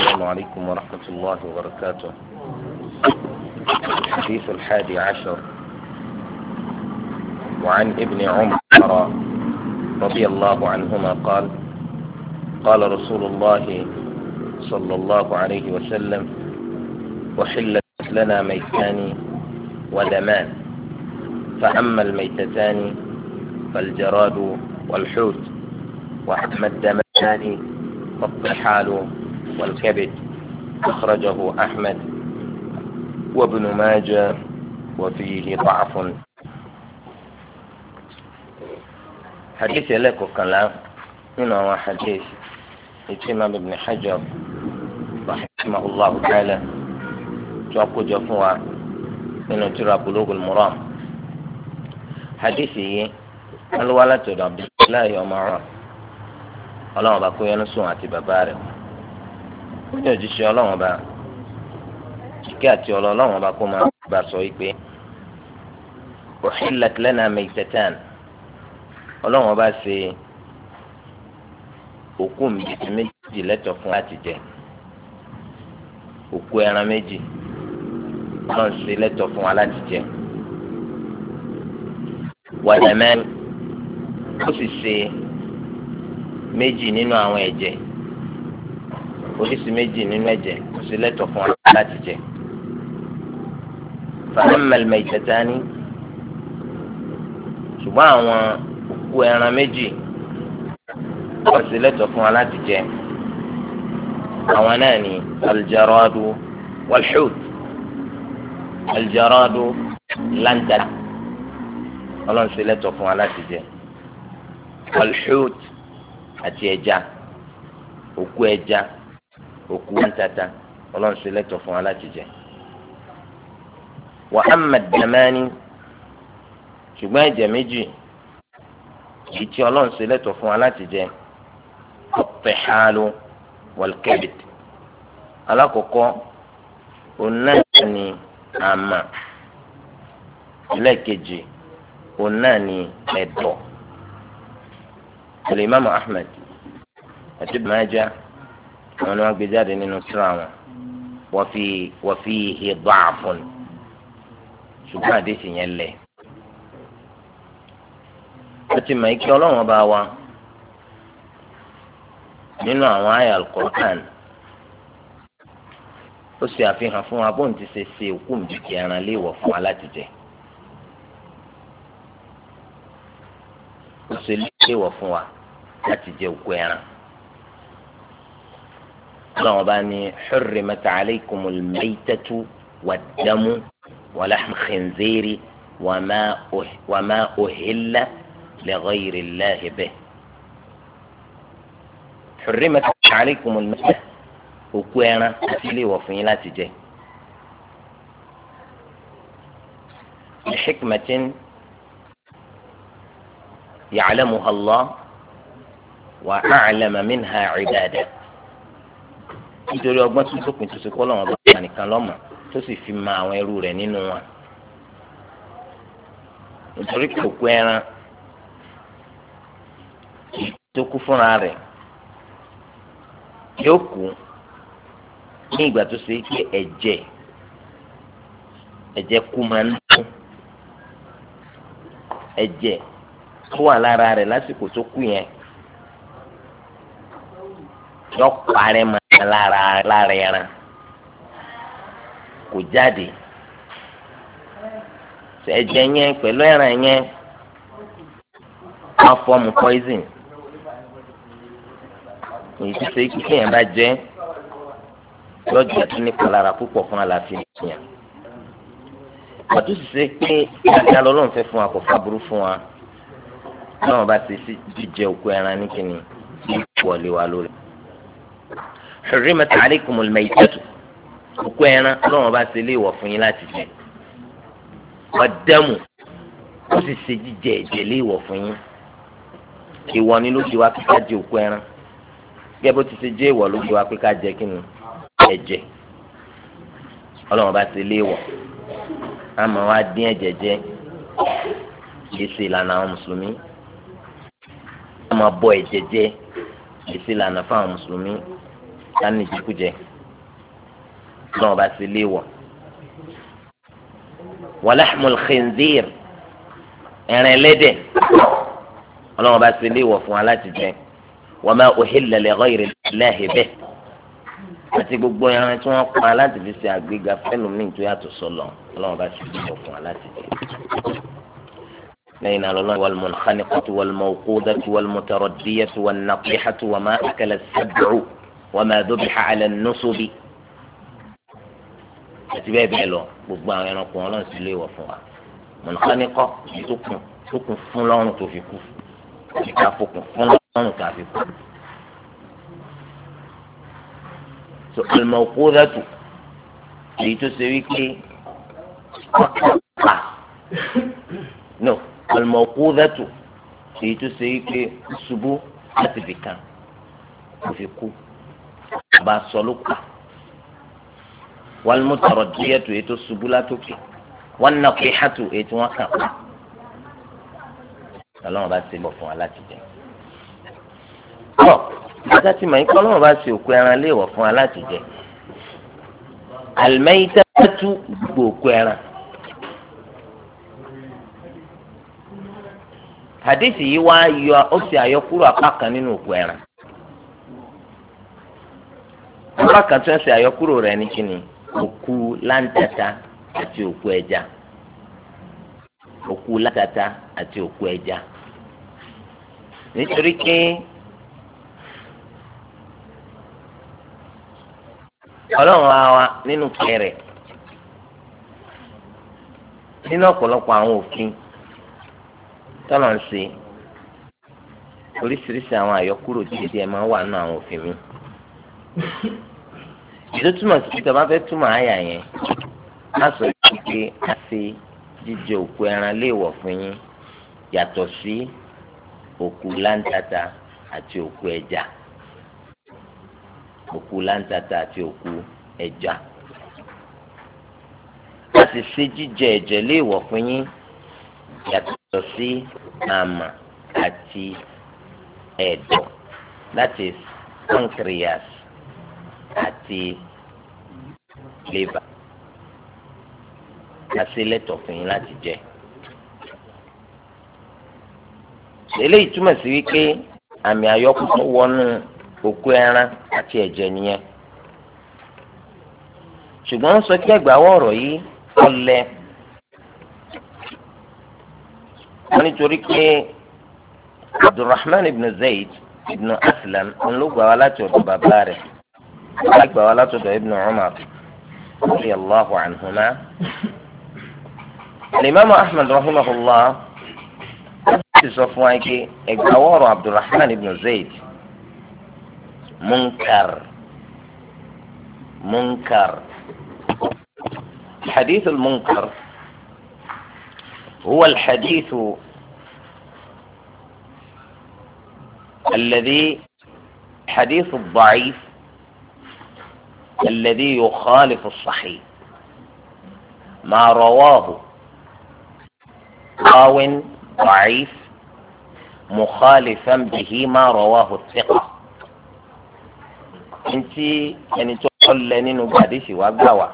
السلام عليكم ورحمة الله وبركاته الحديث الحادي عشر وعن ابن عمر رضي الله عنهما قال قال رسول الله صلى الله عليه وسلم وحلت لنا ميتان ودمان فأما الميتتان فالجراد والحوت وأما الدمان الطحال والكبد أخرجه أحمد وابن ماجه وفيه ضعف حديث لك كلام من هو حديث الإمام ابن حجر رحمه الله تعالى تقول جفوا من ترى بلوغ المرام حديثي الولد عبد الله ومعه ọlọ́run ọba kó yẹnu sùn àti bàbá rẹ̀ ó ní òjíṣẹ́ ọlọ́run ọba kíkẹ́ àti ọlọ́ ọlọ́run ọba kó máa bá sọ wípé uhillat lana maitatan ọlọ́run ọba ṣe òkú méjì méjì lẹ́tọ̀ fún láti jẹ òkú ẹran méjì ọlọ́run ṣe lẹ́tọ̀ fún wa láti jẹ wàlẹ́mẹ́rin ó sì ṣe méjì nínú àwọn ẹ̀jẹ̀ oríṣi méjì nínú ẹ̀jẹ̀ kò sí lẹ́tọ̀ fún wa láti jẹ. fàámẹ́lẹ́mẹ́ ìtẹ̀tẹ̀ ní ṣùgbọ́n àwọn òkú ẹran méjì kò sí lẹ́tọ̀ fún wa láti jẹ. àwọn náà ni aljaradu walhut aljaradu lantana ọlọ́run sí lẹ́tọ̀ fún wa láti jẹ. walhut àti ẹja òkú ẹja òkú wáńtata ọlọ́run ṣe lẹ́tọ̀ fún wa láti jẹ. wà á mà dàmání ṣùgbọ́n ẹ̀jẹ̀ méjì èyí tí ọlọ́run lẹ́tọ̀ fún wa láti jẹ ọ̀pẹ̀ xaalu wọ̀lkẹ́bìtì alákọ̀ọ́kọ́ ọ̀nà àmà ẹlẹ́ẹ̀kejì ọ̀nà ni ẹ̀dọ̀ alimami ahmed àti bàmájà wọn ni wọn gbé jáde nínú síra wọn wọ́fi wọ́fi ìgbà àfọ̀n ṣùgbọ́n àdéhùn yẹn lẹ̀ wọ́n ti mọ̀ ike ọlọ́run ọba wa nínú àwọn àyà alukọ̀ọ̀kan ó ṣe àfihàn fún wa bóun ti ṣe ṣe òkú mùjìkì ẹran léèwọ̀ fún wa láti jẹ ó ṣe léèwọ̀ fún wa láti jẹ òkú ẹran ọlọ́run bá ní xurri alaykumul maytatu wad-damu wa lahmul khinziri wa ma uhilla li ghayri xurri bih hurrimat alaykumul maytatu òkú ẹran àti ilé ìwọ̀ fún yín láti jẹ. لحكمة يعلمها الله wà a'lama minha 'ibada nítorí ọgbọ́n tó sópin tó sopọ́ lọ́wọ́ bá nìkan lọ́mọ tó sì fi ma àwọn ẹrú rẹ̀ nínú wọn nítorí kòkó ẹran tó kú fúnra rẹ̀ yóò kú ní ìgbà tó ṣe pé ẹ̀jẹ̀ ẹ̀jẹ̀ kú máa ń dún ẹ̀jẹ̀ tó wà lára rẹ̀ lásìkò tó kú yẹn yọ parẹ́ máa lára lára ẹran kò jáde ẹ̀jẹ̀ yẹn pẹ̀lú ẹran yẹn wọ́n fọ́ọ̀mù poison èyí ti ṣe kí kéèyàn bá jẹ́ lọ́jọ́ tó ní kọlára púpọ̀ fún àlàáfíà yẹn pàtó sì ṣe pé ìdájọ́ lọ́lọ́run fẹ́ fún wa kò fáburú fún wa náà bá ti jíjẹ òkú ẹran ní kíni tí ìwọlé wa lórí hurrimat alaykumul maytatu òkú ẹran ọlọ́run bá ṣe léèwọ̀ fún yín láti jẹ ọ̀dẹ́mù ó sì ṣe jíjẹ ẹ̀jẹ̀ léèwọ̀ fún yín ìwọ ni ló di wa pé ká jẹ òkú ẹran gẹ́gẹ́ bó ti ṣe jẹ́ ìwọ ló di wa pé ká jẹ kí ni ẹ̀jẹ̀ ọlọ́run bá ṣe léèwọ̀ àmọ́ wa dín ẹ̀jẹ̀ jẹ èsì ìlànà àwọn mùsùlùmí àmọ́ bọ ẹ̀jẹ̀ jẹ èsì ìlànà fáwọn mùsùlùmí ká ní ìjẹkújẹ náà bá sì léèwọ̀. walahmul khinzir ẹran ẹlẹ́dẹ̀ ọlọ́wọ́n bá sì léèwọ̀ fún wa láti jẹ wama uhilla li ghayri llahi bih àti gbogbo ẹran tí wọ́n pa láti fi ṣe àgbéga fẹ́nu míì tó yàtọ̀ sọ̀lọ̀ ọlọ́wọ́n bá sì léèwọ̀ fún wa láti jẹ. لين الله والمنخنقة والموقودة والمتردية والنطيحة وما أكل السبع wama dhubiha ala nusubi àti bẹ́ẹ̀ bẹ́ẹ̀ lọ gbogbo àwọn ẹranko wọn lọ́nà sí ilé ìwọ̀ fún wa mọ̀nàkánikọ́ tókun tókun fún lọ́rùn tó fi kú ìka fòkun fún lọ́rùn tó fi kú. so al-mawqudhatu èyí tó ṣe wípé ọ̀kà no al-mawqudhatu èyí tó ṣe wípé ṣubú láti fi kan kò fi kú bàbá sọ ló kà walmutaradiyatu ètò ṣubú látòkè wannaqihatu ètò wọn kà pa ọlọ́run bá ṣe bọ̀ fún wa láti jẹ. ọ̀ ajá ti mọ̀ ikọ́ ọlọ́run bá ṣe òkú ẹran léèwọ̀ fún wa láti jẹ. àlùmẹ́yìntàtú gbogbo òkú ẹran. hadith yìí wá yọ ó sì àyọkúrò apá kan nínú òkú ẹran ọba kan tí wọ́n ṣe àyọkúrò rẹ̀ ní kíni òkú láńtata àti òkú ẹja òkú láńtata àti òkú ẹja nítorí pé ọlọ́run á wa nínú kẹrẹ̀ nínú ọ̀pọ̀lọpọ̀ àwọn òfin tọ́lọ̀ ń ṣe oríṣiríṣi àwọn àyọkúrò dídí ẹ̀ máa ń wà nínú àwọn òfin mi ètò túmọ̀ sí ìtọ́ bá fẹ́ túmọ̀ àyà yẹn má sọ pé a ṣe jíjẹ òkú ẹran léèwọ̀ fún yín yàtọ̀ sí òkú láńtata àti òkú ẹja òkú láńtata àti òkú ẹja a sì ṣe jíjẹ ẹ̀jẹ̀ léèwọ̀ fún yín yàtọ̀ sí àmà àti ẹ̀dọ̀ that is pancreas àti lébà lásìlẹ̀tọ̀ fún yín láti jẹ. eléyìí túmọ̀ sí wípé àmì àyọkútú wọnú òkú ẹran àti ẹ̀jẹ̀ nìyẹn ṣùgbọ́n ń sọ pé ẹgbàáwọ̀ ọ̀rọ̀ yìí ọlẹ̀ wọ́n nítorí pé abdulrahman ibn zayd ibn aslam ń ló gbà wá láti ọ̀dọ̀ bàbá rẹ̀. أكبر ولا ابن عمر رضي الله عنهما الإمام أحمد رحمه الله صفوانك إقوار عبد الرحمن بن زيد منكر منكر الحديث المنكر هو الحديث الذي حديث الضعيف الذي يخالف الصحيح ما رواه راو ضعيف مخالفا به ما رواه الثقة nti ẹni tó lẹ nínú hadisi wa gbà wá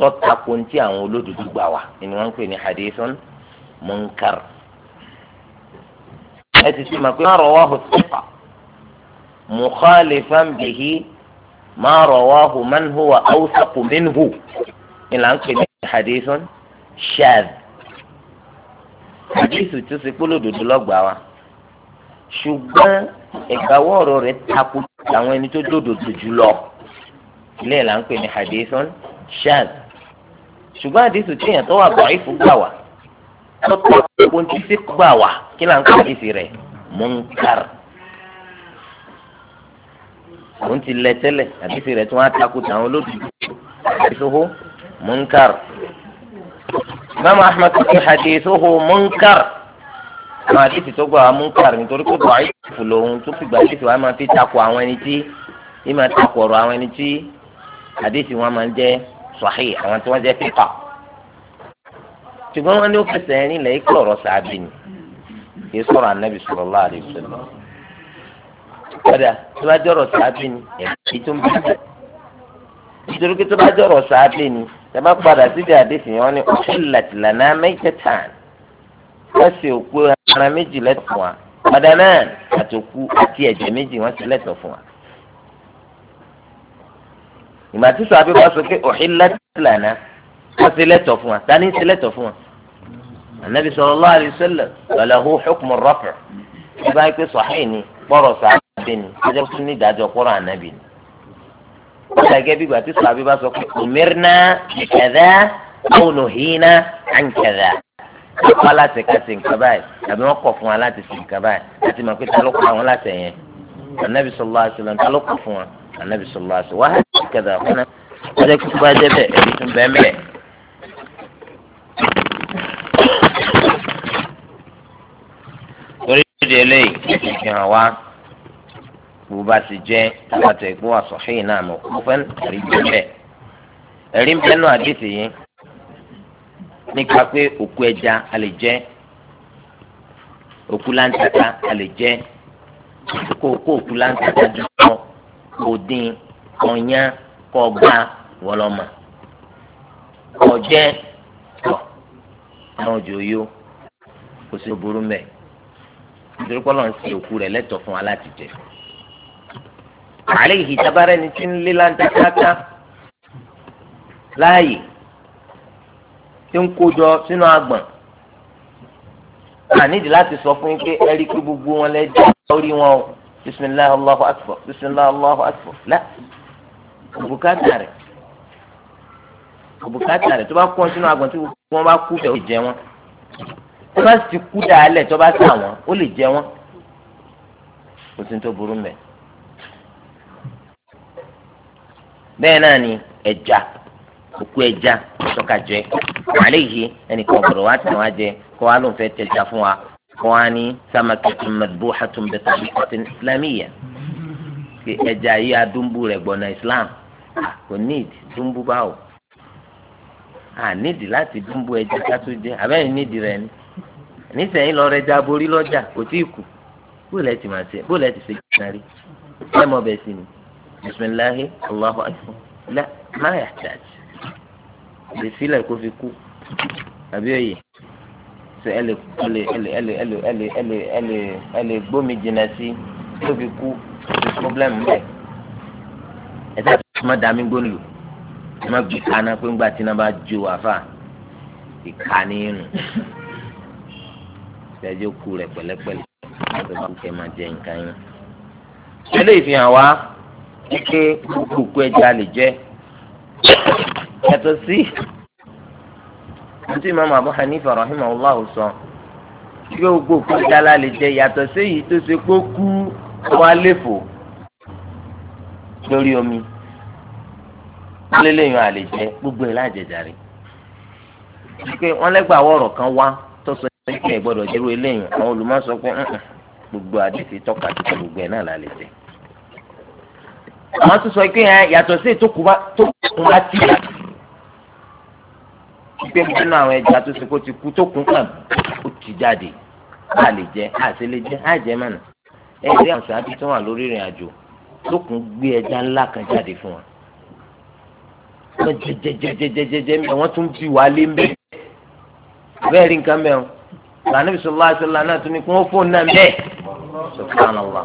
tó tako nti àwọn olódodo gbà wá ni wọn ń pè ní hadithun munkar ẹ ti sọ ma pé ma rawahu thiqa mukhalifan bihi ma rawahu man huwa awthaqu minhu ìlànà ń pè ní hadithun shadh hadithu tó ṣe kólódodo lọ́gbàá wa ṣùgbọ́n ìgbàwọ́ ọ̀rọ̀ rẹ̀ takò àwọn ẹni tó dòdòdò jùlọ ilé ìlànà ń pè ní hadithun shadh ṣùgbọ́n hadithu tí èèyàn tó wà bọ̀ ìfú gbà wá tó tó kó ti sí gbà wá kí là ń pè ní ìsì rẹ̀ munkar òun ti lẹ tẹ́lẹ̀ àdìsí rẹ̀ tí wọ́n á takò tàwọn olódùn àdìsóhó munkar imam ahmed kò fi àdìsóhó munkar àwọn àdìsí tó gbà wá munkar nítorí pé bọ̀ àìsífù lòun tó fi gbà àdìsí wa máa fi takò àwọn ẹni tí ìmọ̀ takò ọ̀rọ̀ àwọn ẹni tí àdìsí wọn máa ń jẹ́ sahih àwọn tí wọ́n jẹ́ fíkà ṣùgbọ́n wọn ní ó fẹsẹ̀ rìn lẹ́yìn kí ọ̀rọ̀ sàábì kì í sọ̀rọ̀ ànábì sallallahu alaihi wasallam ọ̀dà tó bá jọ̀rọ̀ sáábì ni èyí tó ń bí bẹ́ẹ̀ nítorí pé tó bá jọ̀rọ̀ sáábì ni ẹ bá padà síbi àdéhùn yẹn wọn ni ọ̀ṣẹ́lẹ̀tì lànà mẹ́tẹ̀ẹ̀tàn wọ́n sì òkú ara méjì lẹ́tọ̀ fún wa ọ̀dà náà àtòkù àti ẹ̀jẹ̀ méjì wọ́n sì lẹ́tọ̀ fún wa. ìgbà tí sábì wá sọ pé ọ̀ṣẹ́lẹ̀tì lànà wọ́n sì lẹ́tọ̀ wa tani sì lẹ́tọ̀ wa. ànábì sallallahu alaihi wasallam lahu hukmu rafa' ìbá yìí pé sọ̀hìn ni kpọ́rọ̀ sáà sàábì ni ajá fún ní ìdájọ́ kọ́rọ̀ ànábì ni. ó dàgẹ́ bí gbàtí sàábì bá sọ pé òmìnirínà ìkẹ̀dá òun òhìnà àǹkẹ̀dá. wọ́n láti ká sí nǹkan báyìí tàbí wọ́n kọ̀ fún wa láti sí nǹkan báyìí láti mọ̀ pé ta ló kọ́ àwọn láti ẹ̀yẹn. ànábì sallallahu alaihi wasallam ta ló kọ̀ fún wa ànábì sallallahu alaihi wasallam wàhálà ìkẹ̀dá ọ̀hún ọjọ́ kíkú bá jẹ́ bẹ́ẹ̀ ẹ̀rí tún bẹ́ẹ̀ mẹ́ẹ̀. torí ìdílé yìí fi hàn wá bó bá ti jẹ́ láti ẹ̀gbọ́n àsọ̀hìn náà mọ̀ kó fẹ́ ẹ̀rí bẹ́ẹ̀. ẹ̀rí ń bẹ́ẹ̀ náà àdìsí yìí nípa pé òkú ẹja a lè jẹ òkú láńtata a lè jẹ kó kó òkú láńtata dúró kó dín ọ̀yán kó gbá wọlọ́mà kó jẹ́ tọ̀ àwọn òjò yó kó sí burú mẹ́ nítorí pé Ọlọ́run sí òkú rẹ̀ lẹ́tọ̀ọ́ fún wa láti jẹ àlẹ́yìí ìjábára ẹni tí ń lé lánàá láàyè tí ń kójọ sínú agbọ̀n ànídìí láti sọ fún yín pé ẹ rí i pé gbogbo wọn lẹ jẹ́ orí wọn o bisimilahi allahu akbar bisimilahi allahu akbar la òbúkátà rẹ̀ òbúkátà rẹ̀ tó bá kú wọn sínú agbọ̀n tí wọ́n bá kú bẹ̀ ó lè jẹ wọn tó bá sì kú dàálẹ̀ tó bá sà wọn ó lè jẹ wọn kò sí ní tó burú mẹ́ẹ̀. bẹ́ẹ̀ náà ni ẹja òkú ẹja tọ́ka jẹ wàhálà yìí ẹnìkan ọ̀gbọ̀dọ̀ jẹ kó wá lóun fẹ́ tẹja fún wa kó wá ní samakatun madbuhatun bi islamiyya kí ẹja yìí adúmbù islam kò dúmbù báwò à láti dúmbù ẹja jẹ rẹ ni nísìnyí lọ rẹ já lọ́jà kò tí ì kù ti máa ṣe بسم الله الله أكبر لا ما يحتاج بسيلة كوفيكو أبي أيه ṣe ẹ lè ẹ lè ẹ lè ẹ lè ẹ lè ẹ lè ẹ lè ẹ lè ẹ lè gbómi jìnnà sí tó fi kú ní problem bẹ ẹ tẹ ẹ má dàmí gbóni lò ẹ má gbé kaná pé ńgbà tí iná bá jó àfà ìkànnì irun ṣẹjọ kú rẹ pẹ̀lẹ́pẹ̀lẹ́ ẹ bá kú kẹ máa jẹ nǹkan yín. ṣẹlẹ̀ ìfihàn wa kíké kúkú ẹja lè jẹ yàtọ̀ sí àti imaamu abu hanifa rahimahullahu sọ kí gbogbo òkú ẹja la lè jẹ yàtọ̀ sí èyí tó ṣe pé kú wá léfò lórí omi lélẹ́yìn àlè jẹ gbogbo ẹ̀ lájẹjàre pé wọ́n lẹ́gbàá wọ̀rọ̀ kan wá tó sọ pé kí ẹ̀ gbọ́dọ̀ jẹ́rú eléyìn àwọn olùmọ̀ sọ pé gbogbo àdìsí tọ́ka tó gbogbo ẹ̀ náà la lè jẹ àmọ́ tó sọ pé yàtọ̀ sí ètò kùmá tó kùmá tì í pé nínú àwọn ẹja tó ṣe kó ti kú tó kún kàn ó ti jáde a lè jẹ a sì lè jẹ a jẹ mọ̀nà ẹgbẹ́ àwọn sábì tó wà lórí ìrìn àjò lókun gbé ẹja ńlá kan jáde fún wa wọ́n jẹjẹjẹjẹjẹjẹ mẹ wọ́n tún ti wà lé mbẹ bẹ́ẹ̀ rí nǹkan mẹ o lànàbí sọlá sọlá náà tún ní kí wọ́n fóònù náà mbẹ sọfúnà wà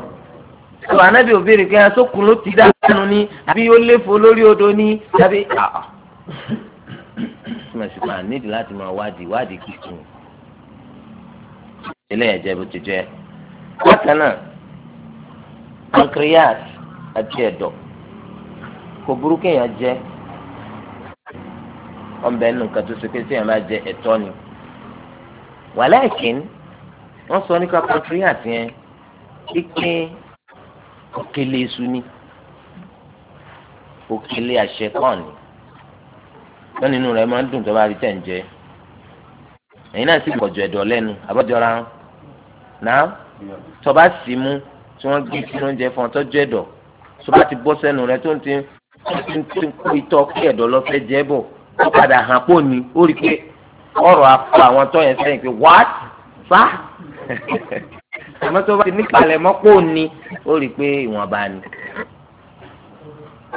sọ ànábì òbí rẹ kí ẹ sọkùn ló ti dá ẹnu ni àbí ó léfo lórí odò ni àbí ah, ah. mẹsùmá nídìí láti máa wádìí wádìí kìkìn eléyà jẹ bó ti jẹ bákan náà pancreas àti ẹ̀dọ̀ kò burúkú èèyàn jẹ ọbẹ̀ nínú nǹkan tó ṣe pé tí èèyàn bá jẹ ẹ̀tọ́ ni wàláìkín wọ́n sọ nípa pancreas yẹn pípín òkèlè iṣu ni òkèlè àṣekàn ni wọn nínú rẹ máa ń dùn tó bá rí tẹ̀ǹjẹ́ ẹ̀yin náà sì gbọ̀jọ̀ ẹ̀dọ̀ lẹ́nu àbọ̀jọra wọn náà tó bá sì mú tí wọ́n gbé sínú oúnjẹ fún ọ tọ́jú ẹ̀dọ̀ tó bá ti bọ́ sẹ́nu rẹ tó ń ti ń tí ń kó itọ́ kí ẹ̀dọ̀ lọ fẹ́ jẹ́ bọ̀ ó padà hàn pò ní ó rí i pé ọ̀rọ̀ afọ àwọn tó yẹn sẹ́yìn pé what fa àmọ́ tó bá ti nípalẹ̀ mọ́ pò ní ó rí pé ìwọ̀nba ni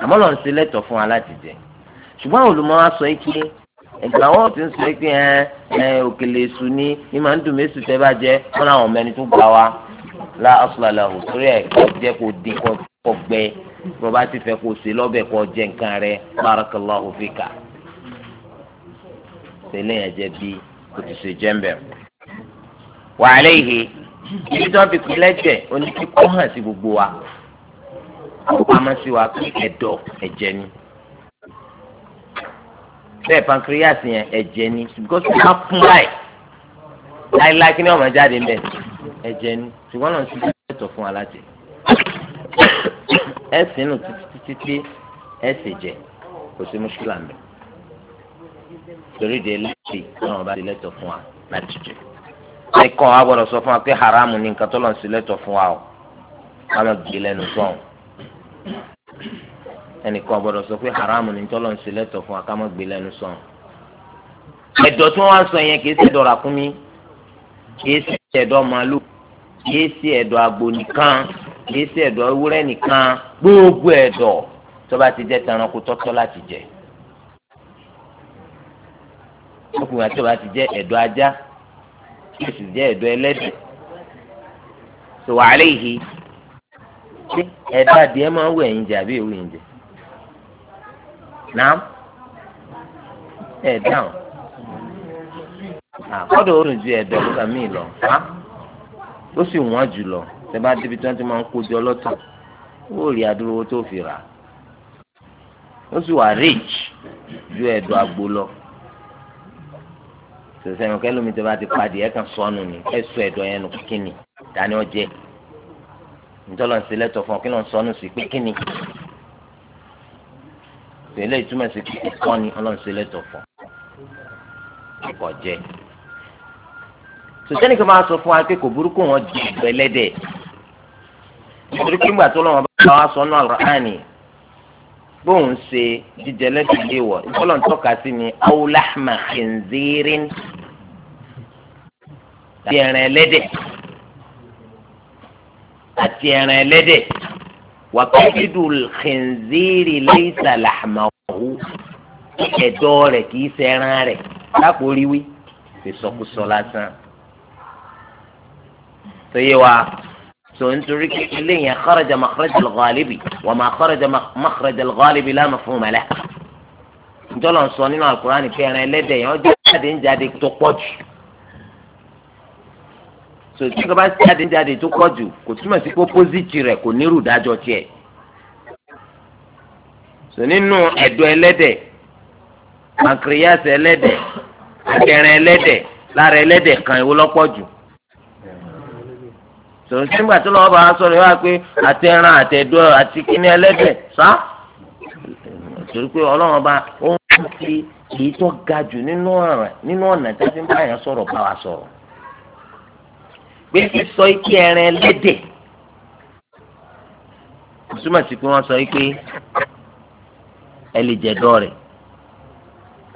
àmọ́ lọ́n ṣe lẹ́tọ̀ fún wa láti jẹ ṣùgbọ́n àwọn olùmọ̀ wa sọ yìí pé ẹ̀gbà wọn ti ń sọ pé ẹ òkèlè èṣù ni ní màá ń dùn méṣù tẹ́ bá jẹ wọn làwọn ọmọ ẹni tó gbà wá la ọ̀ṣunlàlà òṣèré ẹ̀ kọ́ jẹ́ kó dín kọ́ gbẹ bó bá ti fẹ́ kó ṣe lọ́bẹ̀ kọ́ jẹ nǹkan rẹ barakallahu fika tẹ́lẹ̀ yẹn jẹ́ bí kò ti ṣe jẹ́ mbẹ́. wàhálà ìhè ibi tí wọ́n fi pinlẹ̀ jẹ́ oníkíkọ́ hàn sí gbogbo wa ó pamọ́ sí wa pé ẹ̀dọ̀ ẹ̀jẹ̀ ni bẹ́ẹ̀ pancreas yẹn ẹ̀jẹ̀ ni because ó bá fún báyìí láíláí kí ni ọmọ jáde mbẹ ẹ̀jẹ̀ ni ṣùgbọ́n náà ṣe ẹ̀tọ́ fún wa láti ẹ sínú títí títí ẹ sì jẹ kò sí mùsùlùmí mbẹ torí de lẹ́sìn náà bá ti lẹ́tọ̀ fún wa láti jẹ ẹ kàn á gbọ́dọ̀ sọ fún wa pé haramu ni nǹkan tó lọ́n sí lẹ́tọ̀ fún wa o wọn lọ gbé lẹ́nu sọ̀hún ẹnìkan gbọ́dọ̀ sọ pé haramu ni tọ́lọ̀ ń ṣe lẹ́tọ̀ fún akámọ́ gbé lẹ́nu sọ ẹ̀dọ̀ tí wọ́n wá sọ yẹn kì í ṣẹ̀dọ̀ ràkúnmí kì í ṣẹ̀dọ̀ màálù kì í ṣe ẹ̀dọ̀ àgbò nìkan kì í ṣe ẹ̀dọ̀ ewúrẹ́ nìkan gbogbo ẹ̀dọ̀ tó bá ti jẹ́ tẹranko tọ́tọ́ láti jẹ ọkùnrin àti ọba ti jẹ́ ẹ̀dọ̀ ajá kì í sì jẹ́ ẹ̀dọ̀ ẹlẹ́dẹ̀ sọ wàhálà yìí ṣé ẹ̀dá adìẹ máa ń wẹ̀ ẹ̀yìn jẹ àbí èwù ẹ̀yìn jẹ náà ẹ̀dá ọ̀ àkọ́dọ̀ ó dùn ju ẹ̀dọ̀ lọ́gà míì lọ á ó sì wọ́n jù lọ tẹ bá débi tí wọ́n ti máa ń kojú ọlọ́tọ̀ ó rí adúrówó tó fi rà ó sì wà rich ju ẹ̀dọ̀ àgbo lọ sọ̀sẹ̀ ẹ̀rọ kẹ́lómi tẹ bá ti padì ẹ̀ kan sọnù ni ẹ̀ sọ ẹ̀dọ̀ yẹn nù kíni dání ọjẹ́ ntọ́lọ̀ ń ṣe lẹ́tọ̀ fún ọ kí ló ń sọ ọ́nù sí pé kí ni tẹ́lẹ̀ ìtumọ̀ sí pé kọ́ ni ọlọ́run ṣe lẹ́tọ̀ fún ọkọ̀ jẹ́ sọtẹ́nì kan máa sọ fún wa pé kò burúkú wọn jẹ ìgbẹ́ lẹ́dẹ̀ nítorí pé ńgbà tó lọ́wọ́ bá wa sọ náà ránì bóun ṣe jíjẹ lẹ́dẹ̀ léwọ̀ ìtọ́lọ̀ ń tọ́ka sí ni awolahma kìnzírin bí ẹlẹ́dẹ̀ àti ẹran ẹlẹ́dẹ̀ wà kájídù khinziri laysa lahmahu ẹ̀dọ̀ rẹ̀ kìí ṣẹran rẹ̀ lápò ríwí ìsọkúsọ lásán tó yé wa tó nítorí ilé yẹn kharaja makhraja al-ghalibi wa ma kharaja makhraja al-ghalibi la mafhuma lahu sọ nínú Al-Qur'ani pé ẹran ẹlẹ́dẹ̀ yẹn ọjọ́ jáde ń jáde tó pọ̀ jù so tí nǹkan bá jáde jáde tó pọ̀ jù kò túmọ̀ sí pópósìtì rẹ̀ kò nírú dájọ́ tiẹ̀ so nínú ẹ̀dọ̀ ẹlẹ́dẹ̀ pancreas ẹlẹ́dẹ̀ àtẹ̀rẹ̀ ẹlẹ́dẹ̀ lára ẹlẹ́dẹ̀ kan ìwọ lọ́pọ̀ jù so nígbà tó lọ́wọ́ bá a sọ̀rọ̀ wá pé àtẹ̀ràn àtẹ̀dọ̀ àti kíní ẹlẹ́dẹ̀ sá torí pé ọlọ́run bá ó ń fi èyí tó ga jù nínú ọ̀nà tí a fi ń bá yẹn sọ̀rọ̀ bá wa sọ̀rọ̀ pé sísọ ike ẹran ẹlẹ́dẹ̀ túmọ̀ sí pé wọ́n sọ pé ẹ lè jẹ̀dọ̀ rẹ̀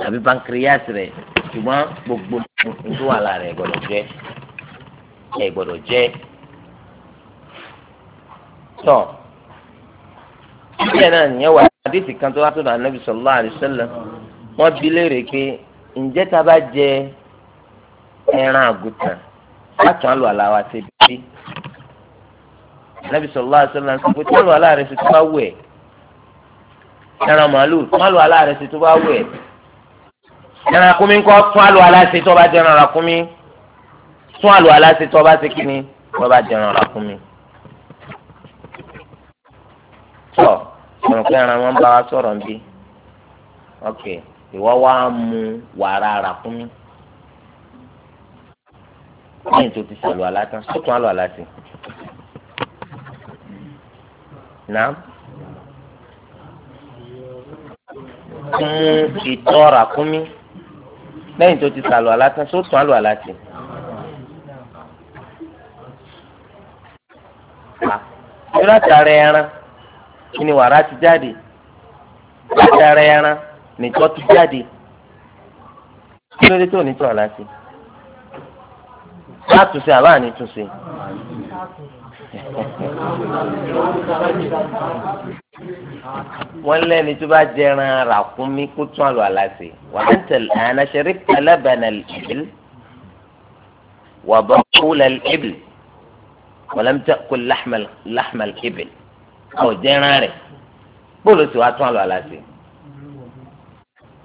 àbí pancreas rẹ̀ ṣùgbọ́n gbogbo nǹkan tó wà lára ẹ̀ gbọ́dọ̀ jẹ́ ẹ̀ gbọ́dọ̀ jẹ́ tọ́ ìṣẹ̀lẹ̀ náà nìyẹn wà àdìsí kan tó wá tó dà nàbì sallallahu alaihi wasallam wọ́n bi léèrè pé ǹjẹ́ ta bá jẹ ẹran àgùntàn látún àlọ́ àlá wa ṣe bí. Ànábì sallallahu alaihi wasallam sọ pé tí àlọ́ àlá rẹ̀ ṣe tó bá wù ẹ́ ẹran màálù tún àlọ́ àlá rẹ̀ ṣe tó bá wù ẹ́ ẹran kúmi ńkọ́ tún àlọ́ àlá ṣe tó bá jẹ́ ẹran kúmi tún àlọ́ àlá ṣe tó bá ṣe kíni tó bá jẹ́ ẹran kúmi. Tọ́ ọ̀rùn pé ẹran wọn bá wa sọ̀rọ̀ ń bí. ìwọ wa mú wàrà rà kúmi lẹ́yìn tó ti sọ̀lù alátán tó tún àlọ́ àlásì. Nàá kún ìtọ́ ràkúnmí lẹ́yìn tó ti sàlù alátán tó tún àlù alásì. Ìrọ̀ àtàrà ẹran kí ni wàrà ti jáde? Àtàrà ẹran nìtọ́ ti jáde. Kí ló dé tó nìtọ́ àlásì? láti ṣe àbá ní túnṣe. wọ́n lẹ́ni tó bá jẹran mi kó tún àlọ́ àlàsè wà á ń tẹ̀lé ànáṣẹ́rí pẹlẹ́bẹ̀nà ìbíl wà bọ́ kúlẹ̀ ìbíl wà lẹ́mí tẹ́ kó láhmẹ̀l ìbíl ọ̀ jẹran rẹ̀ bóòlù tí wàá tún àlọ́ àlàsè.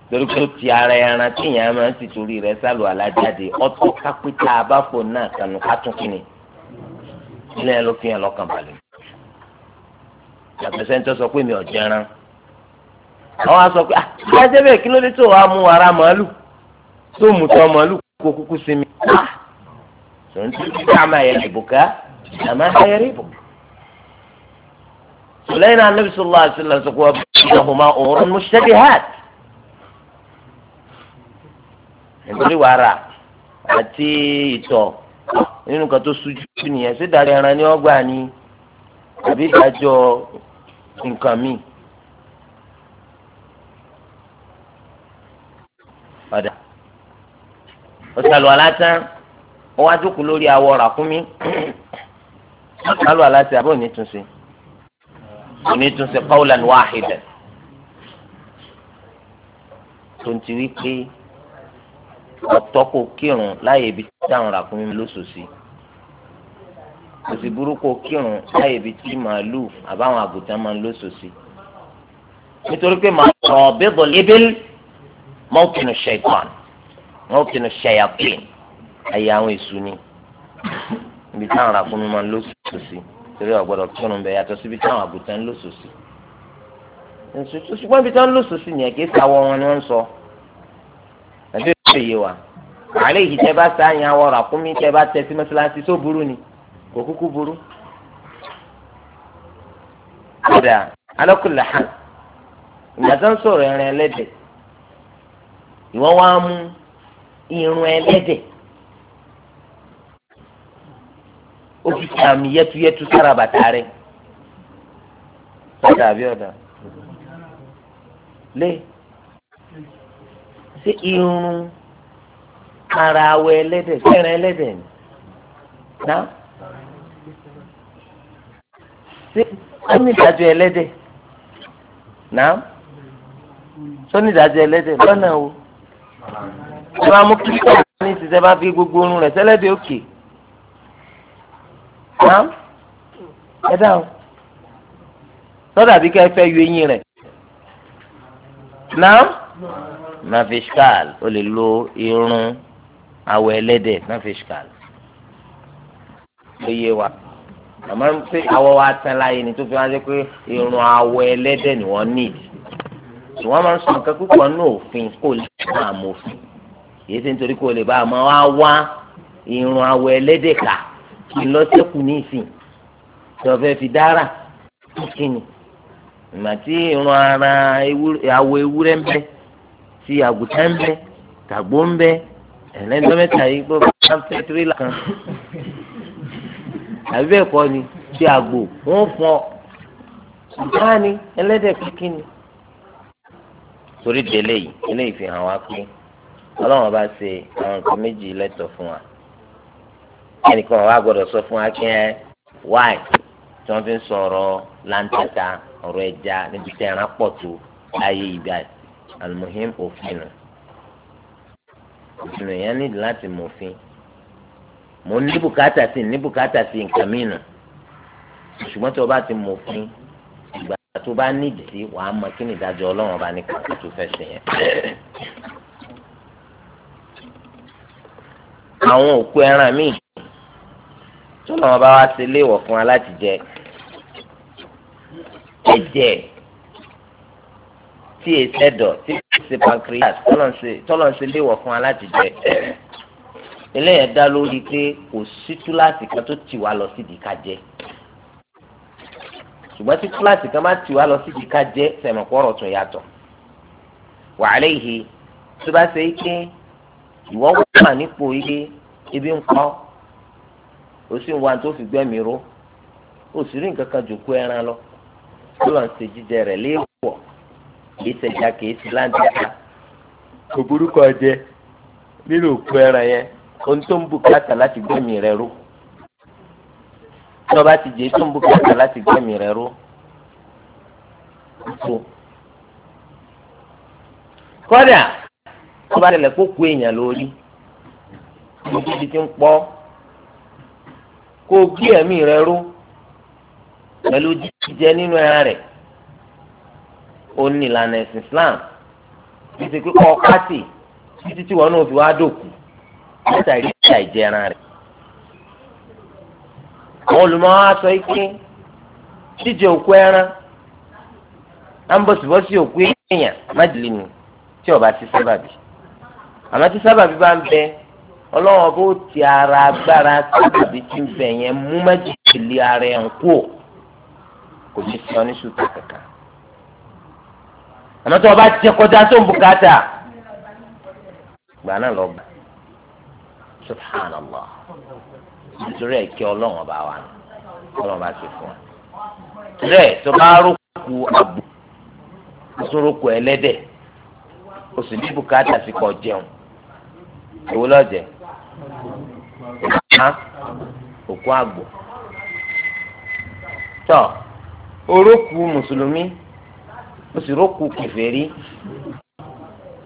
torí pé ó ti ara ẹran tí ìyẹn máa ń ti torí rẹ̀ sálù alájáde ọtọ kápítà abáfò náà kànú kátúnkìnì ilé ẹ ló fi hàn lọ́kàn balẹ̀ yàtọ̀ sẹ́ńtọ́ sọ pé mi ò jẹran àwọn á sọ pé ah bí ajẹ́ bẹ́ẹ̀ kí ló dé tó wàá mú ara màálù tó mú tọ́ màálù kó kúkú sí mi ah tòun ti fi àmà yẹ ìbùkà àmà ayẹ rí ìbùkà. sùlẹ́yìn náà nàbìsọ̀ lọ́wọ́ àti lọ́sọ̀kọ́ bí wọ́n máa ń rán mú ṣẹ́bi hàt nítorí wàrà àti ìtọ̀ nínú kan tó sújú nìyẹn ṣé ìdájọ́ ẹran ni wọ́n gbà ní àbí ìdájọ́ nǹkan míì. ọ̀dà ọ̀sàlù alátán wọ́n wá jókòó lórí awọ ràkúnmí ọ̀sàlù alátán àbí onítúnṣe onítúnṣe qawlan wahidan tó ń ti wí pé ọ̀tọ̀ kò kírun láyè ibi táwọn ràkúnmí lóṣooṣì kò sì burú kò kírun láyè ibi tí màálùú àbáwọn àgùntàn máa ń lóṣooṣì nítorí pé màálùú ọ̀bẹ́bọ̀ lébélé mọ́kìnnù ṣẹ̀kọ́n mọ́kìnnù ṣẹ̀yàpín ayé àwọn èṣù ni ibi táwọn ràkúnmí máa ń lóṣooṣì torí ọ̀gbọ́dọ̀ kírun bẹ̀ yàtọ̀ síbi táwọn àgùntàn ń lóṣooṣì ṣùgbọ́n ibi táwọn lóṣooṣì yẹn kì í sáwọ́ wọn ni wọ́n ń sọ. So tàbí ìlú yìí wa àlẹ́ yìí tẹ́ bá sáyàn awọ ràkúnmí tẹ́ bá tẹ́ sí mọ́ṣáláṣí tó burú ni kò kúkú burú. kódà alákùnlẹ̀ hàn ìgbàdàn sọ̀rọ̀ ẹran ẹlẹ́dẹ̀ ìwọ́n wá mú irun ẹlẹ́dẹ̀ ó fi àmì yẹtuyẹtu sára bàtà rẹ̀ ọ̀dà àbí ọ̀dà lé sí irun ara awọ ẹlẹ́dẹ̀ fẹ́ràn ẹlẹ́dẹ̀ ni ná sí ọ́nìdájọ́ ẹlẹ́dẹ̀ ná sọ́nìdájọ́ ẹlẹ́dẹ̀ lọ́nà o ẹ máa mú kíkọ́ ní ìsinsẹ́ bá fi gbogbo orun rẹ̀ sẹ́lẹ̀dẹ̀ òkè ná ẹ dáhùn sọ́dà bí ká ẹ fẹ́ yọ eyín rẹ̀ ná nafishkal o lè lo irun awọ ẹlẹ́dẹ̀ nafishkal lóye wa àmọ́ pé awọ wa tán láyé ni tó fi wá sí pé irun awọ ẹlẹ́dẹ̀ ni wọ́n níìdì tí wọ́n máa ń sọ nǹkan púpọ̀ ní òfin kó lè bá àmòfin yìí ṣe nítorí kó lè bá àmọ́ wá wá irun awọ ẹlẹ́dẹ̀ kà kí n lọ sẹ́kù ní ìsìn tí wọ́n fẹ́ fi dára kí ni ìgbà irun ara awọ ewúrẹ́ ń bẹ́ẹ̀. tí àgùtàn ń bẹ tàgbó ń bẹ yìí gbọ́ bá ń fẹ́ kan àbí bẹ́ẹ̀ ni àgbò wọ́n fọ́ ẹlẹ́dẹ̀ kíkí ni torí délé yìí eléyìí fi hàn pé ọlọ́run bá ṣe àwọn nǹkan méjì lẹ́tọ̀ fún wa ẹnìkan wà gbọ́dọ̀ sọ fún wa kí ẹ wáì tí wọ́n fi ń ọ̀rọ̀ ẹja níbi pọ̀ tó láyé ìgbà almuhim òfin nù òfin nù yẹn nídìí láti mọ òfin mo ní bùkátà sí ní bùkátà sí nǹkan mi nù ṣùgbọ́n tí o bá ti mọ òfin ìgbà tó bá nídìí sí wàá mọ kí ni ìdájọ́ ọlọ́run ọba ní kàkà tó fẹ́ ṣe yẹn. àwọn òkú ẹran míì tó lọ́wọ́ bá wá sí ilé ìwọ̀ fún wa láti jẹ ẹ̀jẹ̀ tí èyí sẹ́dọ̀ tí èyí ṣe pancreas tọ́lọ̀ ń ṣe léwọ̀ fún wa láti jẹ eléyẹn dá lórí pé kò sí túláàsì kan tó tì wá lọ síbi ká jẹ ṣùgbọ́n tí túláàsì kan bá tì wá lọ síbi ká jẹ sẹ̀mọ̀pọ̀rọ̀ tún yàtọ̀ wa alayhi tó bá ṣe pé ìwọ wà nípò ilé ibi ń kọ́ o sì ń wá tó fi gbẹ́mi ró o sì rí nǹkan kan jòkó ẹran lọ tó lọ́n ṣe jíjẹ rẹ̀ léèwọ̀ kì í ṣẹja kì í ṣe láńtẹ́ta kò burúkọ jẹ nínú òkú ẹran yẹn ohun tó ń bùkátà láti gbẹ̀mí rẹ ró tọ́ba ti jẹ́ tó ń bùkátà láti gbẹ̀mí rẹ ró tó kọ́dà tó bá tẹ̀lé kó kú èèyàn lórí ibi tí ń pọ́ kó gbé ẹ̀mí rẹ ró pẹ̀lú jíjẹ nínú ẹran rẹ̀. ó ní ìlànà ẹ̀sìn Islam títí pé kọ́ pátì títí tí wọn náà fi wá dòkú látàrí àìjẹran rẹ̀. àwọn olùmọ̀ọ́ á sọ jíjẹ òkú ẹran á ń bọ̀sibọ́sí òkú èèyàn májèlé ni tí ọba ti sábàbí àmọ́ tí sábàbí bá ń bẹ ọlọ́wọ́n bó ti ara agbára sábàbí ti ń mú májèlé ara ẹ̀ ń kú ò kò ní sọ ní kankan. àmọ́ tí wọ́n bá jẹ kọjá tó ń bùkátà gbà náà lọ bá subhanallah nítorí ẹ̀kẹ́ ọlọ́run ọba wa ni ọlọ́run bá ti fún wa rẹ̀ tó bá rókù àgbò sórókù ẹlẹ́dẹ̀ o sì ní bùkátà sí kọ jẹun èwo lọ́jẹ̀ òkú àgbò tọ́ orókù mùsùlùmí ó sì rókù kèfèrí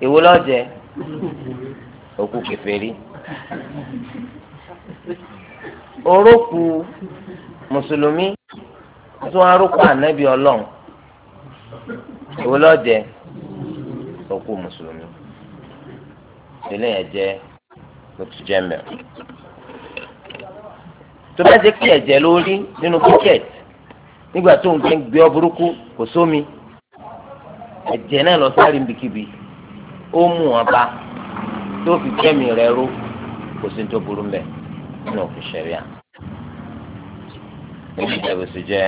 èwo lọ́jẹ́ òkú kèfèrí orókù mùsùlùmí tún arókù ànábì ọlọ́run èwo lọ́jẹ́ òkú mùsùlùmí ìpínlẹ̀ yẹn jẹ́ lótú jẹ́ mẹ́rin tó bá ti kí ẹ̀jẹ̀ lórí nínú bíkẹ́ẹ̀tì nígbà tó ń gbé ọ burúkú kò sómi. So ẹ̀jẹ̀ náà lọ sáré nbìkíbi ó mú wọn bá tó fi kẹ́mi rẹ̀ ró kò sí tó burú mbẹ nínú òfin ṣẹ̀ríà níbi ìjẹ́bùsùn jẹ́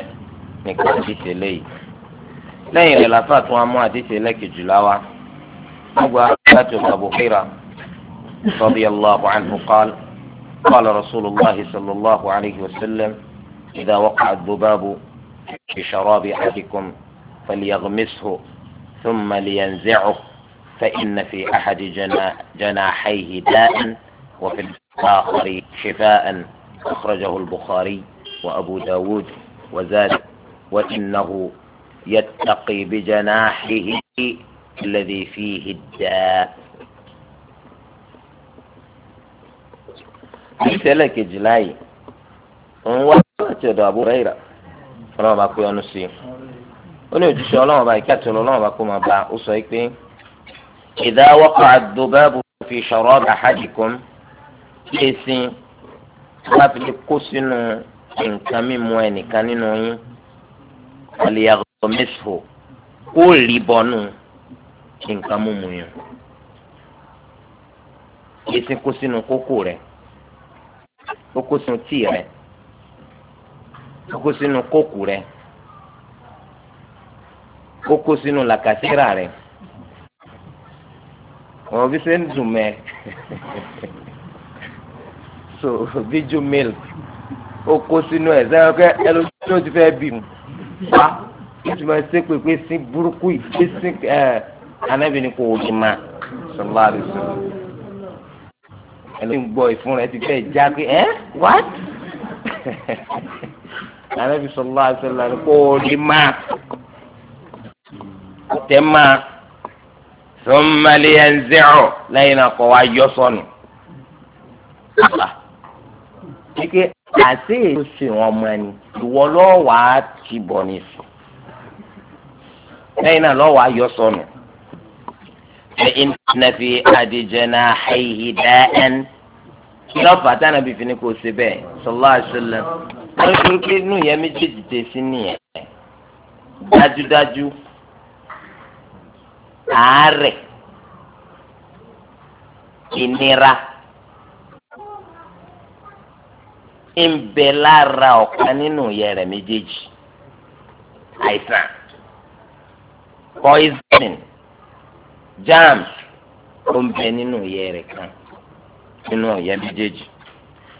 nìkan àdìsẹ́ lẹ́yìn lẹ́yìn rẹ̀ làfà tún amú àdìsẹ́ lẹ́kẹ̀jù láwa wọ́n gba láti ọ̀gá bòkíra radiyallahu anhu qala qala rasulullahi sallallahu alayhi wa sallam idha waqa'a ad-dhubabu bi sharabi ahadikum falyaghmishu. ثم لينزعه فإن في أحد جناحيه داء وفي الآخر شفاء أخرجه البخاري وأبو داود وزاد وإنه يتقي بجناحه الذي فيه الداء قلت لك جلاي ń wá láti ọ̀dọ̀ àbúrò rẹ̀ ó ní òjíṣẹ́ ọlọ́run ọba ìkẹ́ àtúnú ọlọ́run ọba kó máa bá ó sọ pé idha waqa'a ad-dhubabu fi sharabi ahadikum ẹ̀sìn wá fi lè kó sínú nǹkan mímu ẹnìkan nínú yín ọ̀lẹ́yàgò mẹ́sìfò kó rí bọ́nù nǹkan mímu yẹn ẹ̀sìn kó sínú kókó rẹ̀ kókó sínú tíì rẹ̀ kókó sínú kókó rẹ̀ ó kó sínú làkàtìrà rẹ̀ wọn bí ṣe ń dùn mẹ́ so bíjú milk ó kó sínú ẹ̀ sẹ́yìn ọkẹ́ ẹlòmíràn ti fẹ́ bì mú wá ìtumọ̀ ṣe pépé sí burúkú yìí sí ẹ̀ anábìíní kò wò ní ma sọlá rẹ̀ sọ̀rọ̀ ẹlòmíràn gbọ́ ìfún rẹ̀ ti fẹ́ já pé ẹ́ what anábìíní sọlá rẹ̀ sọ̀rọ̀ kò wò ní ma ọ̀tẹ̀ máa thumma liyanzi'u lẹ́yìn náà kọ́ wa yọ sọnù. Ah. Ike àti èso sì wọn mọ ẹni ìwọ lọ́wọ́ á ti bọ̀ ní sùn. Lẹ́yìn náà lọ́wọ́ á yọ sọnù. Inna fi adijana hayhi da'an. Lọ́fà táwọn àbí fi ni kò ṣe bẹ́ẹ̀ sallallahu alaihi wasallam. pé inú ìyẹn méjèèjì tẹ̀ sí nìyẹn. Dájúdájú àárẹ̀ ìnira ń bẹ lára ọ̀kan nínú ìyẹ́ rẹ̀ méjèèjì àìsàn poisoning germs ó ń bẹ nínú ìyẹ́ rẹ̀ kan nínú ìyẹ́ méjèèjì